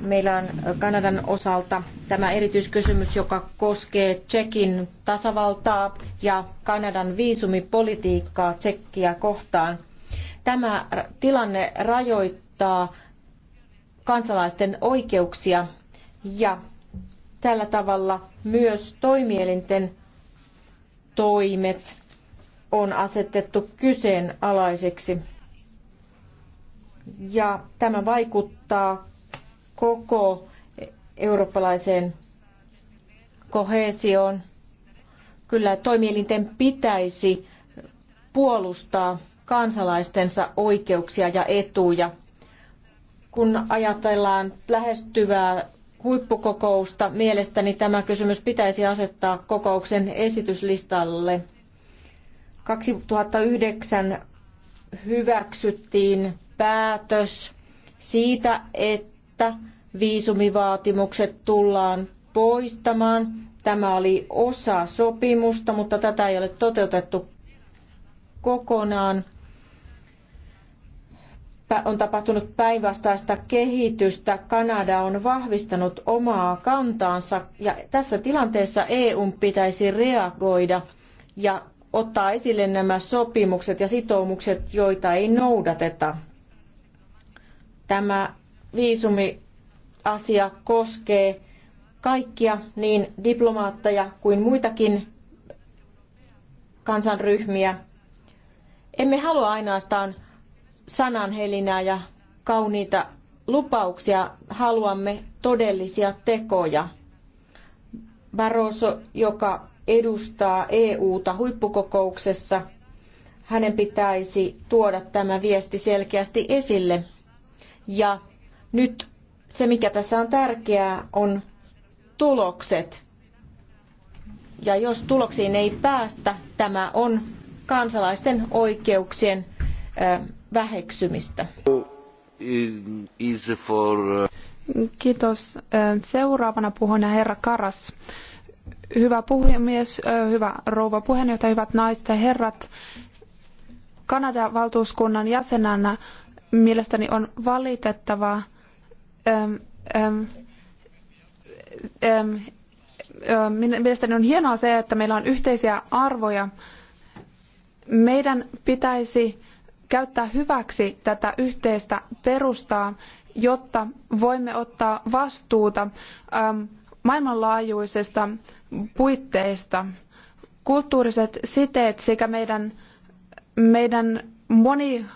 Speaker 2: Meillä on Kanadan osalta tämä erityiskysymys, joka koskee Tsekin tasavaltaa ja Kanadan viisumipolitiikkaa Tsekkiä kohtaan. Tämä tilanne rajoittaa kansalaisten oikeuksia ja tällä tavalla myös toimielinten toimet on asetettu kyseenalaiseksi. Ja tämä vaikuttaa koko eurooppalaiseen kohesioon. Kyllä toimielinten pitäisi puolustaa kansalaistensa oikeuksia ja etuja. Kun ajatellaan lähestyvää huippukokousta, mielestäni tämä kysymys pitäisi asettaa kokouksen esityslistalle – 2009 hyväksyttiin päätös siitä, että viisumivaatimukset tullaan poistamaan. Tämä oli osa sopimusta, mutta tätä ei ole toteutettu kokonaan. On tapahtunut päinvastaista kehitystä. Kanada on vahvistanut omaa kantaansa ja tässä tilanteessa EU pitäisi reagoida ja ottaa esille nämä sopimukset ja sitoumukset, joita ei noudateta. Tämä viisumiasia koskee kaikkia, niin diplomaatteja kuin muitakin kansanryhmiä. Emme halua ainoastaan sananhelinää ja kauniita lupauksia, haluamme todellisia tekoja. Barroso, joka edustaa EUta huippukokouksessa, hänen pitäisi tuoda tämä viesti selkeästi esille. Ja nyt se, mikä tässä on tärkeää, on tulokset. Ja jos tuloksiin ei päästä, tämä on kansalaisten oikeuksien väheksymistä.
Speaker 1: Kiitos. Seuraavana puhun herra Karas. Hyvä puhemies, hyvä rouva puheenjohtaja, hyvät naiset ja herrat. Kanadan valtuuskunnan jäsenenä mielestäni on valitettava, ähm, ähm, ähm, äh, mielestäni on hienoa se, että meillä on yhteisiä arvoja. Meidän pitäisi käyttää hyväksi tätä yhteistä perustaa, jotta voimme ottaa vastuuta maailmanlaajuisista puitteista. Kulttuuriset siteet sekä meidän, meidän moni,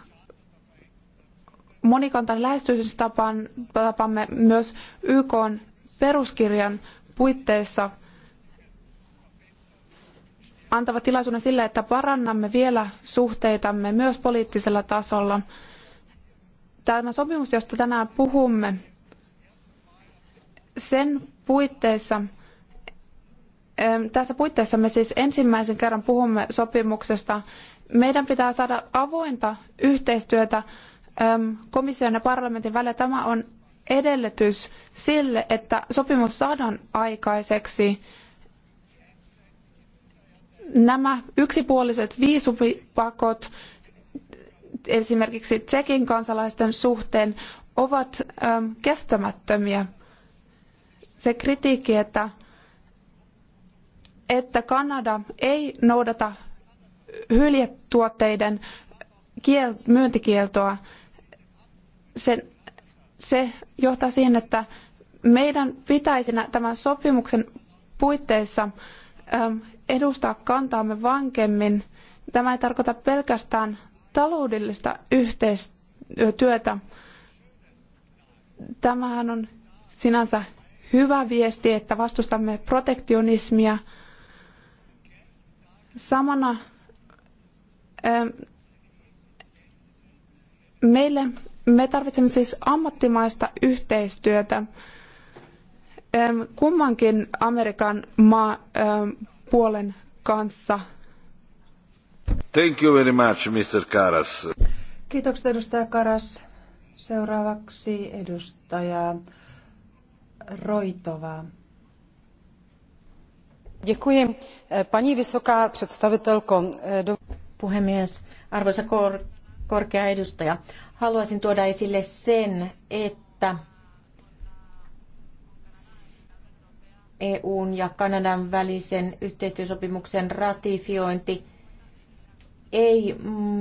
Speaker 1: monikantan lähestymistapamme myös YK peruskirjan puitteissa antavat tilaisuuden sille, että parannamme vielä suhteitamme myös poliittisella tasolla. Tämä sopimus, josta tänään puhumme, sen puitteissa, tässä puitteissa me siis ensimmäisen kerran puhumme sopimuksesta. Meidän pitää saada avointa yhteistyötä komission ja parlamentin välillä. Tämä on edellytys sille, että sopimus saadaan aikaiseksi. Nämä yksipuoliset viisupakot esimerkiksi Tsekin kansalaisten suhteen ovat kestämättömiä se kritiikki, että, että Kanada ei noudata hyljetuotteiden kiel, myyntikieltoa, se, se johtaa siihen, että meidän pitäisi tämän sopimuksen puitteissa ähm, edustaa kantaamme vankemmin. Tämä ei tarkoita pelkästään taloudellista yhteistyötä. Tämähän on sinänsä hyvä viesti, että vastustamme protektionismia. Samana ähm, meille, me tarvitsemme siis ammattimaista yhteistyötä ähm, kummankin Amerikan maa, ähm, puolen kanssa.
Speaker 2: Thank you very much, Mr. Karas.
Speaker 1: Kiitokset edustaja
Speaker 3: Karas. Seuraavaksi edustaja Roitová. Děkuji. Paní vysoká
Speaker 2: představitelko. Eh, do... Puhemies, arvoisa kor- korkea edustaja, haluaisin tuoda esille sen, että EUn ja Kanadan välisen yhteistyösopimuksen ratifiointi ei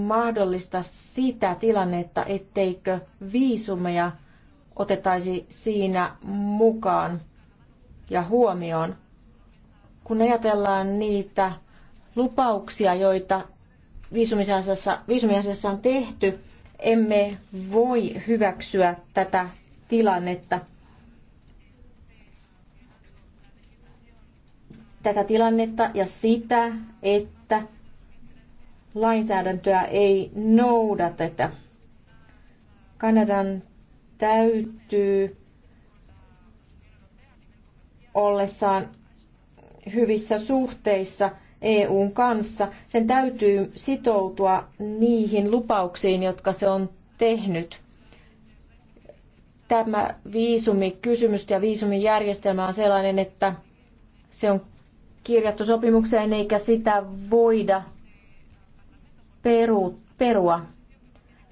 Speaker 2: mahdollista sitä tilannetta, etteikö viisumeja otettaisi siinä mukaan ja huomioon, kun ajatellaan niitä lupauksia, joita viisumiasiassa, viisumiasiassa on tehty, emme voi hyväksyä tätä tilannetta. Tätä tilannetta ja sitä, että lainsäädäntöä ei noudateta. Kanadan täytyy ollessaan hyvissä suhteissa EUn kanssa, sen täytyy sitoutua niihin lupauksiin, jotka se on tehnyt. Tämä viisumikysymys ja viisumijärjestelmä on sellainen, että se on kirjattu sopimukseen eikä sitä voida perua.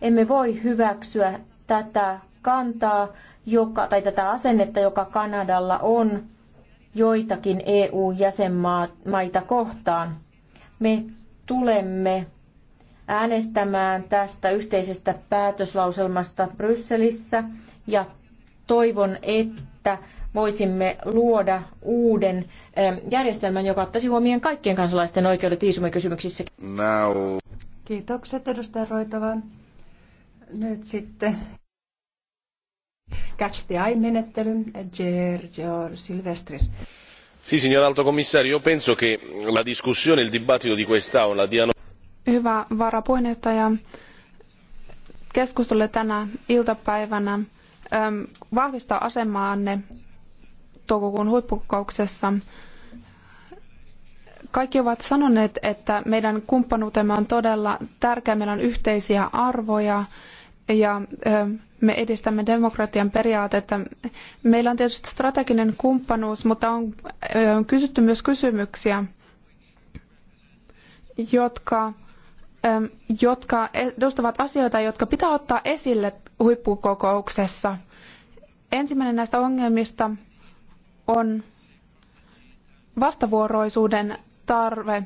Speaker 2: Emme voi hyväksyä tätä kantaa joka, tai tätä asennetta, joka Kanadalla on joitakin EU-jäsenmaita kohtaan. Me tulemme äänestämään tästä yhteisestä päätöslauselmasta Brysselissä ja toivon, että voisimme luoda uuden ähm, järjestelmän, joka ottaisi huomioon kaikkien kansalaisten oikeudet viisumikysymyksissä. Now.
Speaker 3: Kiitokset edustaja Roitova. Nyt sitten Catch the Eye-menettelyn. Giorgio
Speaker 1: Silvestris.
Speaker 3: Sì, signor Alto Commissario, io penso che la discussione, e il dibattito di quest'Aula diano...
Speaker 1: Hyvä varapuheenjohtaja, keskustelulle tänä iltapäivänä äm, vahvistaa asemaanne toukokuun huippukokouksessa. Kaikki ovat sanoneet, että meidän kumppanuutemme on todella tärkeä, meillä on yhteisiä arvoja ja me edistämme demokratian periaatetta. Meillä on tietysti strateginen kumppanuus, mutta on kysytty myös kysymyksiä, jotka, jotka edustavat asioita, jotka pitää ottaa esille huippukokouksessa. Ensimmäinen näistä ongelmista on vastavuoroisuuden tarve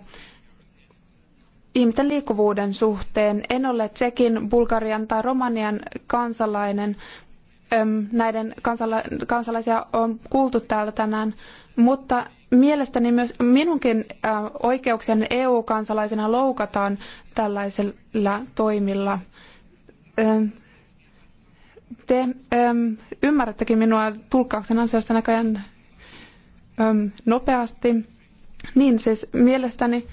Speaker 1: ihmisten liikkuvuuden suhteen. En ole Tsekin, Bulgarian tai Romanian kansalainen. Näiden kansala- kansalaisia on kuultu täällä tänään, mutta mielestäni myös minunkin oikeuksien EU-kansalaisena loukataan tällaisilla toimilla. Te ymmärrättekin minua tulkkauksen ansiosta näköjään nopeasti. Niin siis mielestäni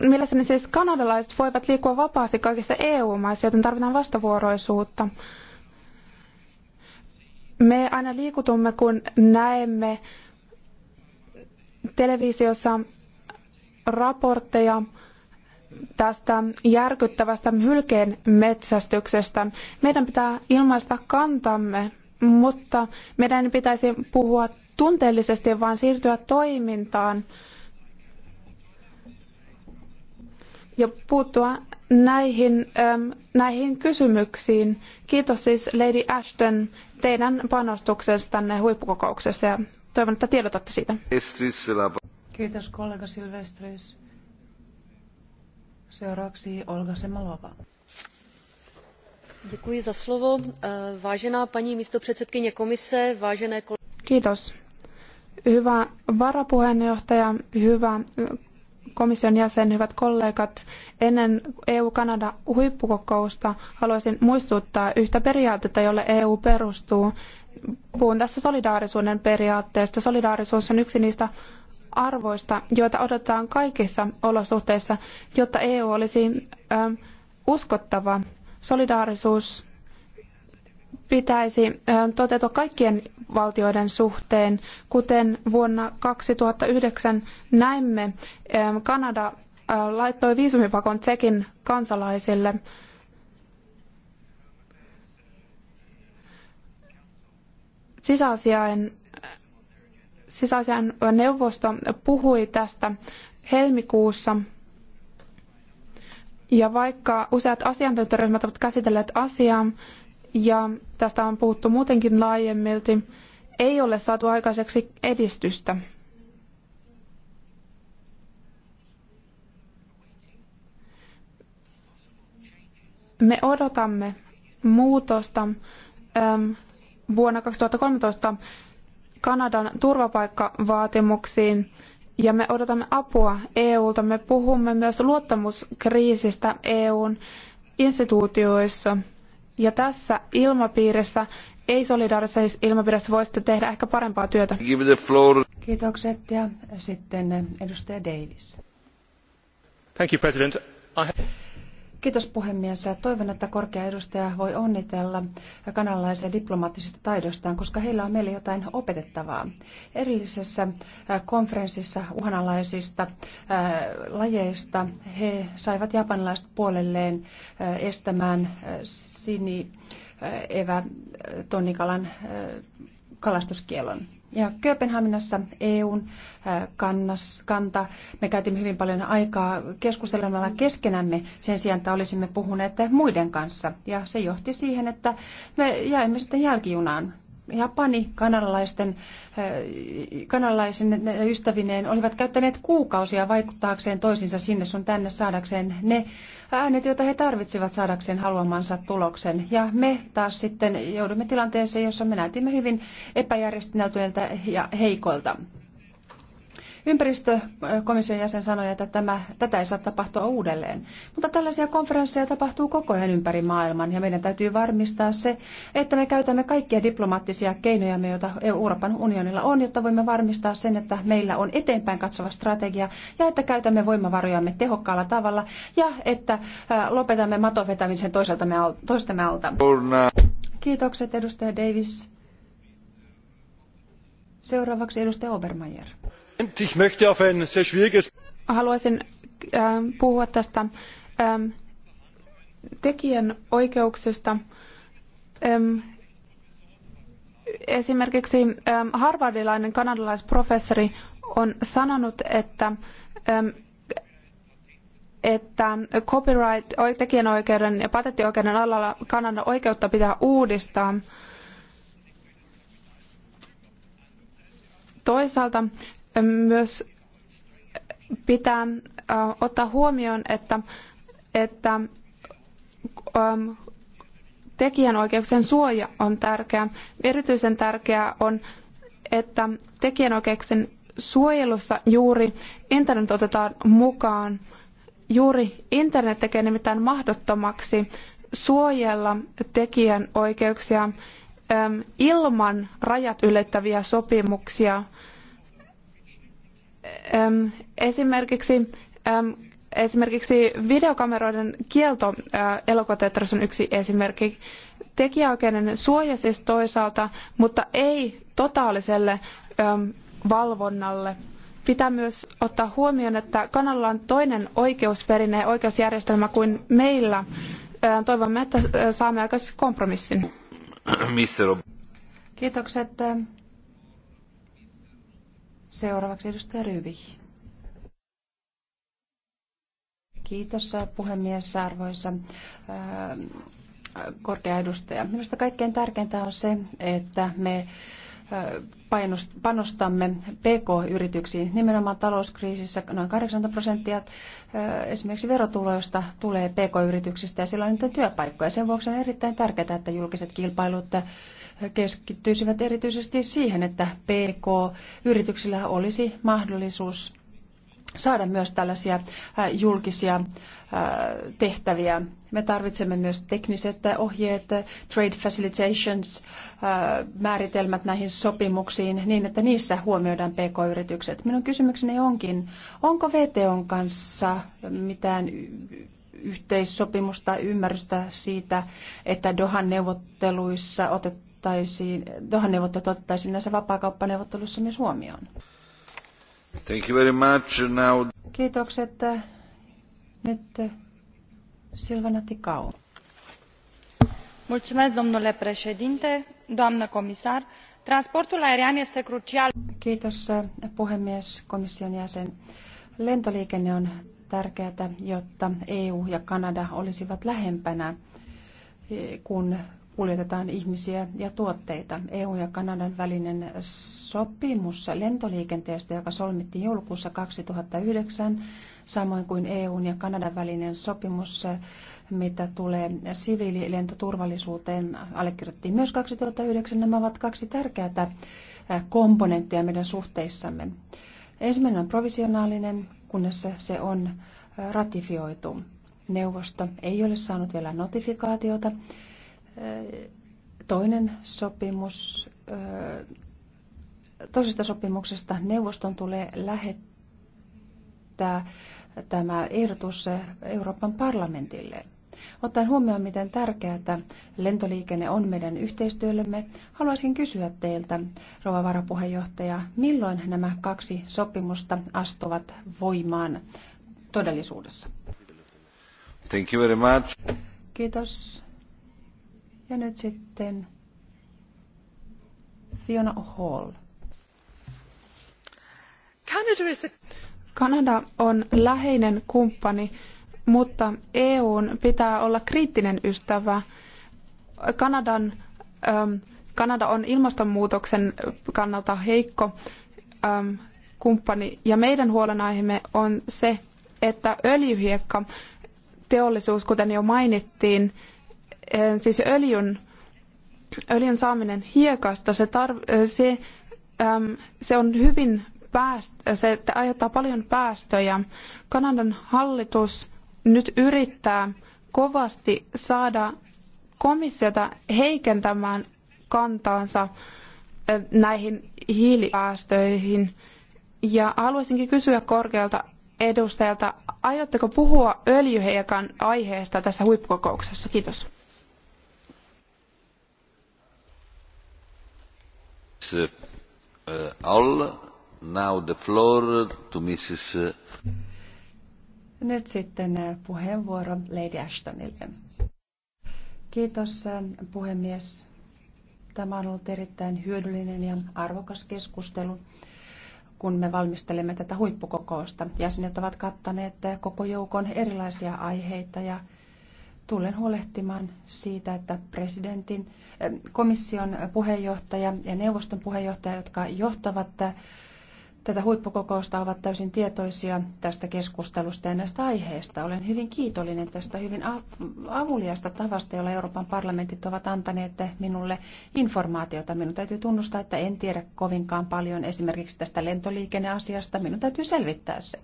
Speaker 1: mielestäni siis kanadalaiset voivat liikkua vapaasti kaikissa EU-maissa, joten tarvitaan vastavuoroisuutta. Me aina liikutumme, kun näemme televisiossa raportteja tästä järkyttävästä hylkeen metsästyksestä. Meidän pitää ilmaista kantamme, mutta meidän pitäisi puhua tunteellisesti, vaan siirtyä toimintaan. ja puuttua näihin, ähm, näihin kysymyksiin. Kiitos siis Lady Ashton teidän panostuksestanne huippukokouksessa ja toivon, että tiedotatte siitä.
Speaker 3: Kiitos kollega Silvestris. Seuraavaksi Olga Semalova.
Speaker 2: Děkuji za slovo. Eh, vážená paní místopředsedkyně komise, vážené kolegy.
Speaker 1: Kiitos. Hyvä varapuheenjohtaja, hyvä komission jäsen, hyvät kollegat, ennen EU-Kanada-huippukokousta haluaisin muistuttaa yhtä periaatetta, jolle EU perustuu. Puhun tässä solidaarisuuden periaatteesta. Solidaarisuus on yksi niistä arvoista, joita odotetaan kaikissa olosuhteissa, jotta EU olisi uskottava. Solidaarisuus pitäisi toteutua kaikkien valtioiden suhteen, kuten vuonna 2009 näimme, Kanada laittoi viisumipakon Tsekin kansalaisille. Sisäasiain, sisäasiain neuvosto puhui tästä helmikuussa ja vaikka useat asiantuntijaryhmät ovat käsitelleet asiaa, ja tästä on puhuttu muutenkin laajemmilti, ei ole saatu aikaiseksi edistystä. Me odotamme muutosta ähm, vuonna 2013 Kanadan turvapaikkavaatimuksiin ja me odotamme apua EUlta. Me puhumme myös luottamuskriisistä EUn instituutioissa – ja tässä ilmapiirissä, ei solidaarisessa siis ilmapiirissä, voisitte tehdä ehkä parempaa työtä. Kiitokset ja sitten edustaja Davis. Thank you, President. I...
Speaker 3: Kiitos puhemies. Toivon, että korkea edustaja voi onnitella kanalaisen diplomaattisista taidoistaan, koska heillä on meille jotain opetettavaa. Edellisessä konferenssissa uhanalaisista lajeista he saivat japanilaiset puolelleen estämään sini evä tonnikalan kalastuskielon. Ja Kööpenhaminassa EUn kannas, kanta, me käytimme hyvin paljon aikaa keskustelemalla keskenämme sen sijaan, että olisimme puhuneet muiden kanssa. Ja se johti siihen, että me jäimme sitten jälkijunaan. Japani kanalaisten, Kanalaisen ystävineen olivat käyttäneet kuukausia vaikuttaakseen toisinsa sinne sun tänne saadakseen ne äänet, joita he tarvitsivat saadakseen haluamansa tuloksen. Ja me taas sitten joudumme tilanteeseen, jossa me näytimme hyvin epäjärjestäytyneiltä ja heikolta. Ympäristökomission jäsen sanoi, että tämä, tätä ei saa tapahtua uudelleen. Mutta tällaisia konferensseja tapahtuu koko ajan ympäri maailman ja meidän täytyy varmistaa se, että me käytämme kaikkia diplomaattisia keinoja, joita Euroopan unionilla on, jotta voimme varmistaa sen, että meillä on eteenpäin katsova strategia ja että käytämme voimavarojamme tehokkaalla tavalla ja että lopetamme maton vetämisen toistamme alta. Kiitokset edustaja Davis.
Speaker 1: Seuraavaksi edustaja Obermeier. Haluaisin äh, puhua tästä ähm, tekijän oikeuksista. Ähm, esimerkiksi ähm, harvardilainen kanadalaisprofessori on sanonut, että ähm, että copyright, tekijänoikeuden ja patenttioikeuden alalla Kanadan oikeutta pitää uudistaa. Toisaalta myös pitää ottaa huomioon, että, että tekijänoikeuksien suoja on tärkeä. Erityisen tärkeää on, että tekijänoikeuksien suojelussa juuri internet otetaan mukaan. Juuri internet tekee nimittäin mahdottomaksi suojella tekijänoikeuksia ilman rajat ylittäviä sopimuksia – esimerkiksi Esimerkiksi videokameroiden kielto elokuvateatterissa on yksi esimerkki. Tekijäoikeuden suoja siis toisaalta, mutta ei totaaliselle valvonnalle. Pitää myös ottaa huomioon, että Kanalla on toinen oikeusperinne ja oikeusjärjestelmä kuin meillä. Toivomme, että saamme aikaiseksi kompromissin. Kiitokset.
Speaker 3: Seuraavaksi edustaja Ryvi. Kiitos puhemies, arvoisa korkea edustaja. Minusta kaikkein tärkeintä on se, että me panostamme PK-yrityksiin. Nimenomaan talouskriisissä noin 80 prosenttia esimerkiksi verotuloista tulee PK-yrityksistä ja silloin niitä työpaikkoja. Sen vuoksi on erittäin tärkeää, että julkiset kilpailut keskittyisivät erityisesti siihen, että PK-yrityksillä olisi mahdollisuus saada myös tällaisia äh, julkisia äh, tehtäviä. Me tarvitsemme myös tekniset ohjeet, trade facilitations, äh, määritelmät näihin sopimuksiin niin, että niissä huomioidaan pk-yritykset. Minun kysymykseni onkin, onko VTOn kanssa mitään yhteissopimusta ymmärrystä siitä, että Dohan neuvotteluissa otettaisiin otettaisiin, Dohan neuvottelut otettaisiin näissä vapaakauppaneuvotteluissa myös huomioon.
Speaker 2: Thank you very much. Now...
Speaker 3: Kiitokset. Nyt Silvana Tikau. Mulțumesc, domnule președinte, doamnă comisar. Transportul aerian este crucial. Kiitos, puhemies, komission jäsen. Lentoliikenne on tärkeää, jotta EU ja Kanada olisivat lähempänä, kun kuljetetaan ihmisiä ja tuotteita. EU ja Kanadan välinen sopimus lentoliikenteestä, joka solmittiin joulukuussa 2009, samoin kuin EUn ja Kanadan välinen sopimus, mitä tulee siviililentoturvallisuuteen, allekirjoitettiin myös 2009. Nämä ovat kaksi tärkeää komponenttia meidän suhteissamme. Ensimmäinen on provisionaalinen, kunnes se on ratifioitu. Neuvosto ei ole saanut vielä notifikaatiota Toinen sopimus, toisesta sopimuksesta neuvoston tulee lähettää tämä ehdotus Euroopan parlamentille. Ottaen huomioon, miten tärkeää lentoliikenne on meidän yhteistyöllemme, haluaisin kysyä teiltä, rouva varapuheenjohtaja, milloin nämä kaksi sopimusta astuvat voimaan todellisuudessa?
Speaker 2: Thank you very much.
Speaker 3: Kiitos. Ja nyt sitten Fiona Hall.
Speaker 1: Kanada on läheinen kumppani, mutta EUn pitää olla kriittinen ystävä. Kanadan, ähm, Kanada on ilmastonmuutoksen kannalta heikko ähm, kumppani ja meidän huolenaiheemme on se, että öljyhiekka teollisuus, kuten jo mainittiin, Eh, siis öljyn, öljyn saaminen hiekasta, se, tar- eh, se, äm, se on hyvin pääst- se aiheuttaa paljon päästöjä. Kanadan hallitus nyt yrittää kovasti saada komissiota heikentämään kantaansa eh, näihin hiilipäästöihin. Ja haluaisinkin kysyä korkealta edustajalta, aiotteko puhua öljyheikan aiheesta tässä huippukokouksessa? Kiitos.
Speaker 2: colleagues uh, uh, uh,
Speaker 3: Nyt sitten puheenvuoro Lady Ashtonille. Kiitos puhemies. Tämä on ollut erittäin hyödyllinen ja arvokas keskustelu, kun me valmistelemme tätä huippukokousta. Jäsenet ovat kattaneet koko joukon erilaisia aiheita ja tulen huolehtimaan siitä, että presidentin, eh, komission puheenjohtaja ja neuvoston puheenjohtaja, jotka johtavat eh, tätä huippukokousta, ovat täysin tietoisia tästä keskustelusta ja näistä aiheista. Olen hyvin kiitollinen tästä hyvin avuliasta tavasta, jolla Euroopan parlamentit ovat antaneet eh, minulle informaatiota. Minun täytyy tunnustaa, että en tiedä kovinkaan paljon esimerkiksi tästä lentoliikenneasiasta. Minun täytyy selvittää se.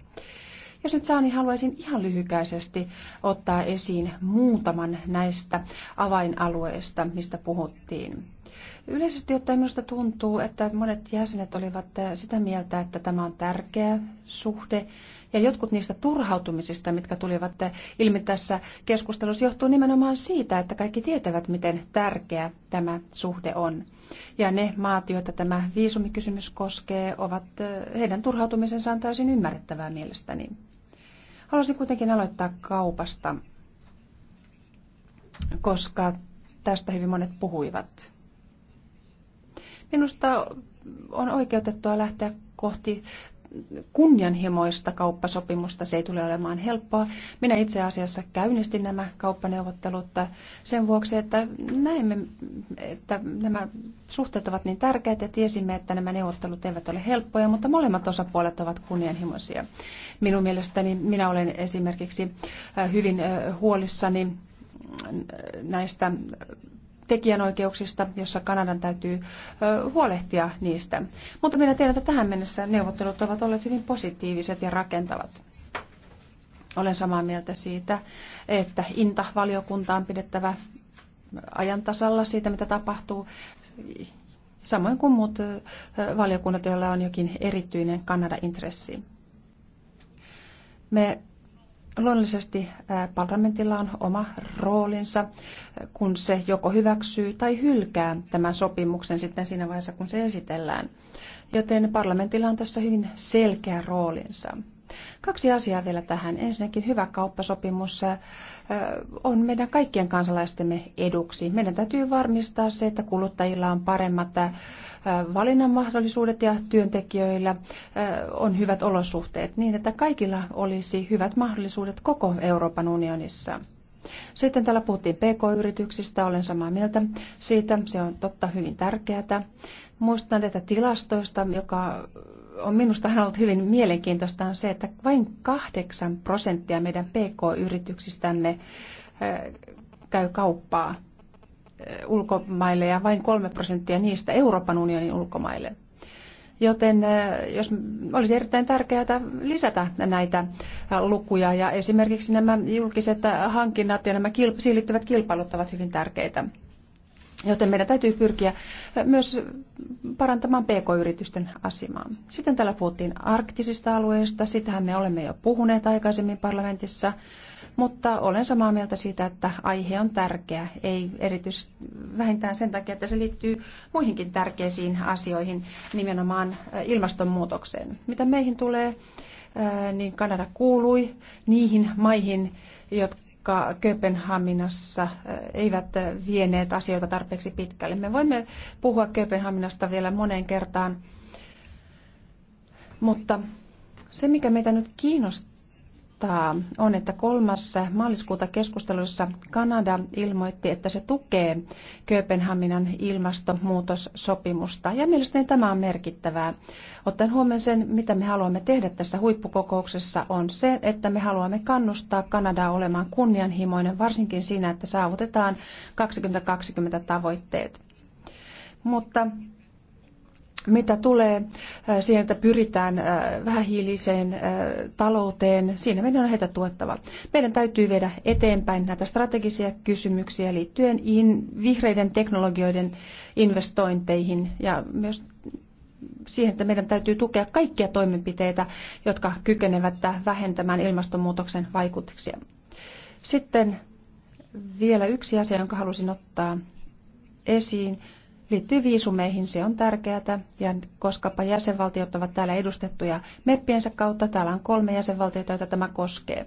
Speaker 3: Jos nyt saa, niin haluaisin ihan lyhykäisesti ottaa esiin muutaman näistä avainalueista, mistä puhuttiin. Yleisesti ottaen minusta tuntuu, että monet jäsenet olivat eh, sitä mieltä, että tämä on tärkeä suhde. Ja jotkut niistä turhautumisista, mitkä tulivat eh, ilmi tässä keskustelussa, johtuu nimenomaan siitä, että kaikki tietävät, miten tärkeä tämä suhde on. Ja ne maat, joita tämä viisumikysymys koskee, ovat, eh, heidän turhautumisensa on täysin ymmärrettävää mielestäni. Haluaisin kuitenkin aloittaa kaupasta, koska tästä hyvin monet puhuivat. Minusta on oikeutettua lähteä kohti kunnianhimoista kauppasopimusta. Se ei tule olemaan helppoa. Minä itse asiassa käynnistin nämä kauppaneuvottelut sen vuoksi, että näemme, että nämä suhteet ovat niin tärkeitä ja tiesimme, että nämä neuvottelut eivät ole helppoja, mutta molemmat osapuolet ovat kunnianhimoisia. Minun mielestäni minä olen esimerkiksi hyvin huolissani näistä tekijänoikeuksista, jossa Kanadan täytyy huolehtia niistä. Mutta minä tiedän, että tähän mennessä neuvottelut ovat olleet hyvin positiiviset ja rakentavat. Olen samaa mieltä siitä, että INTA-valiokunta on pidettävä ajan tasalla siitä, mitä tapahtuu, samoin kuin muut valiokunnat, joilla on jokin erityinen Kanada-intressi. Me Luonnollisesti parlamentilla on oma roolinsa, kun se joko hyväksyy tai hylkää tämän sopimuksen sitten siinä vaiheessa, kun se esitellään. Joten parlamentilla on tässä hyvin selkeä roolinsa. Kaksi asiaa vielä tähän. Ensinnäkin hyvä kauppasopimus on meidän kaikkien kansalaistemme eduksi. Meidän täytyy varmistaa se, että kuluttajilla on paremmat valinnan mahdollisuudet ja työntekijöillä on hyvät olosuhteet niin, että kaikilla olisi hyvät mahdollisuudet koko Euroopan unionissa. Sitten täällä puhuttiin PK-yrityksistä, olen samaa mieltä siitä, se on totta hyvin tärkeää. Muistan tätä tilastoista, joka on minusta ollut hyvin mielenkiintoista on se, että vain 8 prosenttia meidän PK-yrityksistämme käy kauppaa ulkomaille ja vain 3 prosenttia niistä Euroopan unionin ulkomaille. Joten jos olisi erittäin tärkeää lisätä näitä lukuja ja esimerkiksi nämä julkiset hankinnat ja nämä kil- siirlittävät kilpailut ovat hyvin tärkeitä. Joten meidän täytyy pyrkiä myös parantamaan pk-yritysten asemaa. Sitten täällä puhuttiin arktisista alueista. Sitähän me olemme jo puhuneet aikaisemmin parlamentissa. Mutta olen samaa mieltä siitä, että aihe on tärkeä. Ei erityisesti vähintään sen takia, että se liittyy muihinkin tärkeisiin asioihin, nimenomaan äh, ilmastonmuutokseen. Mitä meihin tulee, äh, niin Kanada kuului niihin maihin, jotka jotka Kööpenhaminassa eh, eivät eh, vieneet asioita tarpeeksi pitkälle. Me voimme puhua Kööpenhaminasta vielä moneen kertaan, mutta se mikä meitä nyt kiinnostaa, huolettaa on, että kolmas maaliskuuta keskustelussa Kanada ilmoitti, että se tukee Kööpenhaminan ilmastonmuutossopimusta. Ja mielestäni tämä on merkittävää. Ottaen huomioon sen, mitä me haluamme tehdä tässä huippukokouksessa, on se, että me haluamme kannustaa Kanadaa olemaan kunnianhimoinen, varsinkin siinä, että saavutetaan 2020 tavoitteet. Mutta mitä tulee äh, siihen, että pyritään äh, vähähiiliseen äh, talouteen, siinä meidän on heitä tuettava. Meidän täytyy viedä eteenpäin näitä strategisia kysymyksiä liittyen vihreiden teknologioiden investointeihin ja myös siihen, että meidän täytyy tukea kaikkia toimenpiteitä, jotka kykenevät vähentämään ilmastonmuutoksen vaikutuksia. Sitten vielä yksi asia, jonka halusin ottaa esiin liittyy viisumeihin. Se on tärkeää, ja koskapa jäsenvaltiot ovat täällä edustettuja meppiensä kautta, täällä on kolme jäsenvaltiota, joita tämä koskee.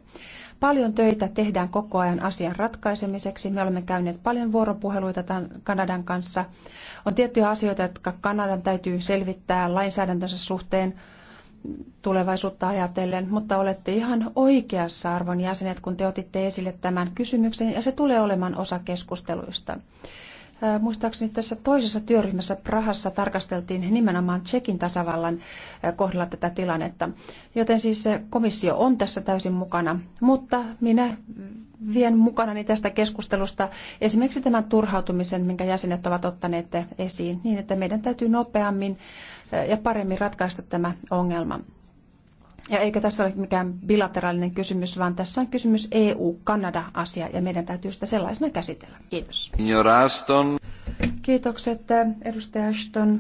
Speaker 3: Paljon töitä tehdään koko ajan asian ratkaisemiseksi. Me olemme käyneet paljon vuoropuheluita tämän Kanadan kanssa. On tiettyjä asioita, jotka Kanadan täytyy selvittää lainsäädäntönsä suhteen tulevaisuutta ajatellen, mutta olette ihan oikeassa arvon jäsenet, kun te otitte esille tämän kysymyksen, ja se tulee olemaan osa keskusteluista. Äh, muistaakseni tässä toisessa työryhmässä Prahassa tarkasteltiin nimenomaan Tsekin tasavallan äh, kohdalla tätä tilannetta. Joten siis äh, komissio on tässä täysin mukana, mutta minä vien mukanani tästä keskustelusta esimerkiksi tämän turhautumisen, minkä jäsenet ovat ottaneet esiin, niin että meidän täytyy nopeammin ja paremmin ratkaista tämä ongelma. Ja eikä tässä ole mikään bilateraalinen kysymys, vaan tässä on kysymys EU-Kanada-asia ja meidän täytyy sitä sellaisena käsitellä. Kiitos. Aston. Kiitokset edustaja Ashton.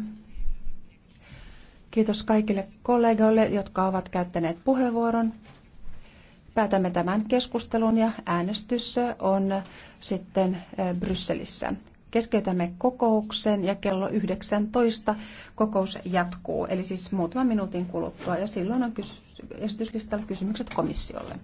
Speaker 3: Kiitos kaikille kollegoille, jotka ovat käyttäneet puheenvuoron. Päätämme tämän keskustelun ja äänestys on sitten Brysselissä. Keskeytämme kokouksen ja kello 19 kokous jatkuu, eli siis muutaman minuutin kuluttua ja silloin on kysymys esityslistalla kysymykset komissiolle.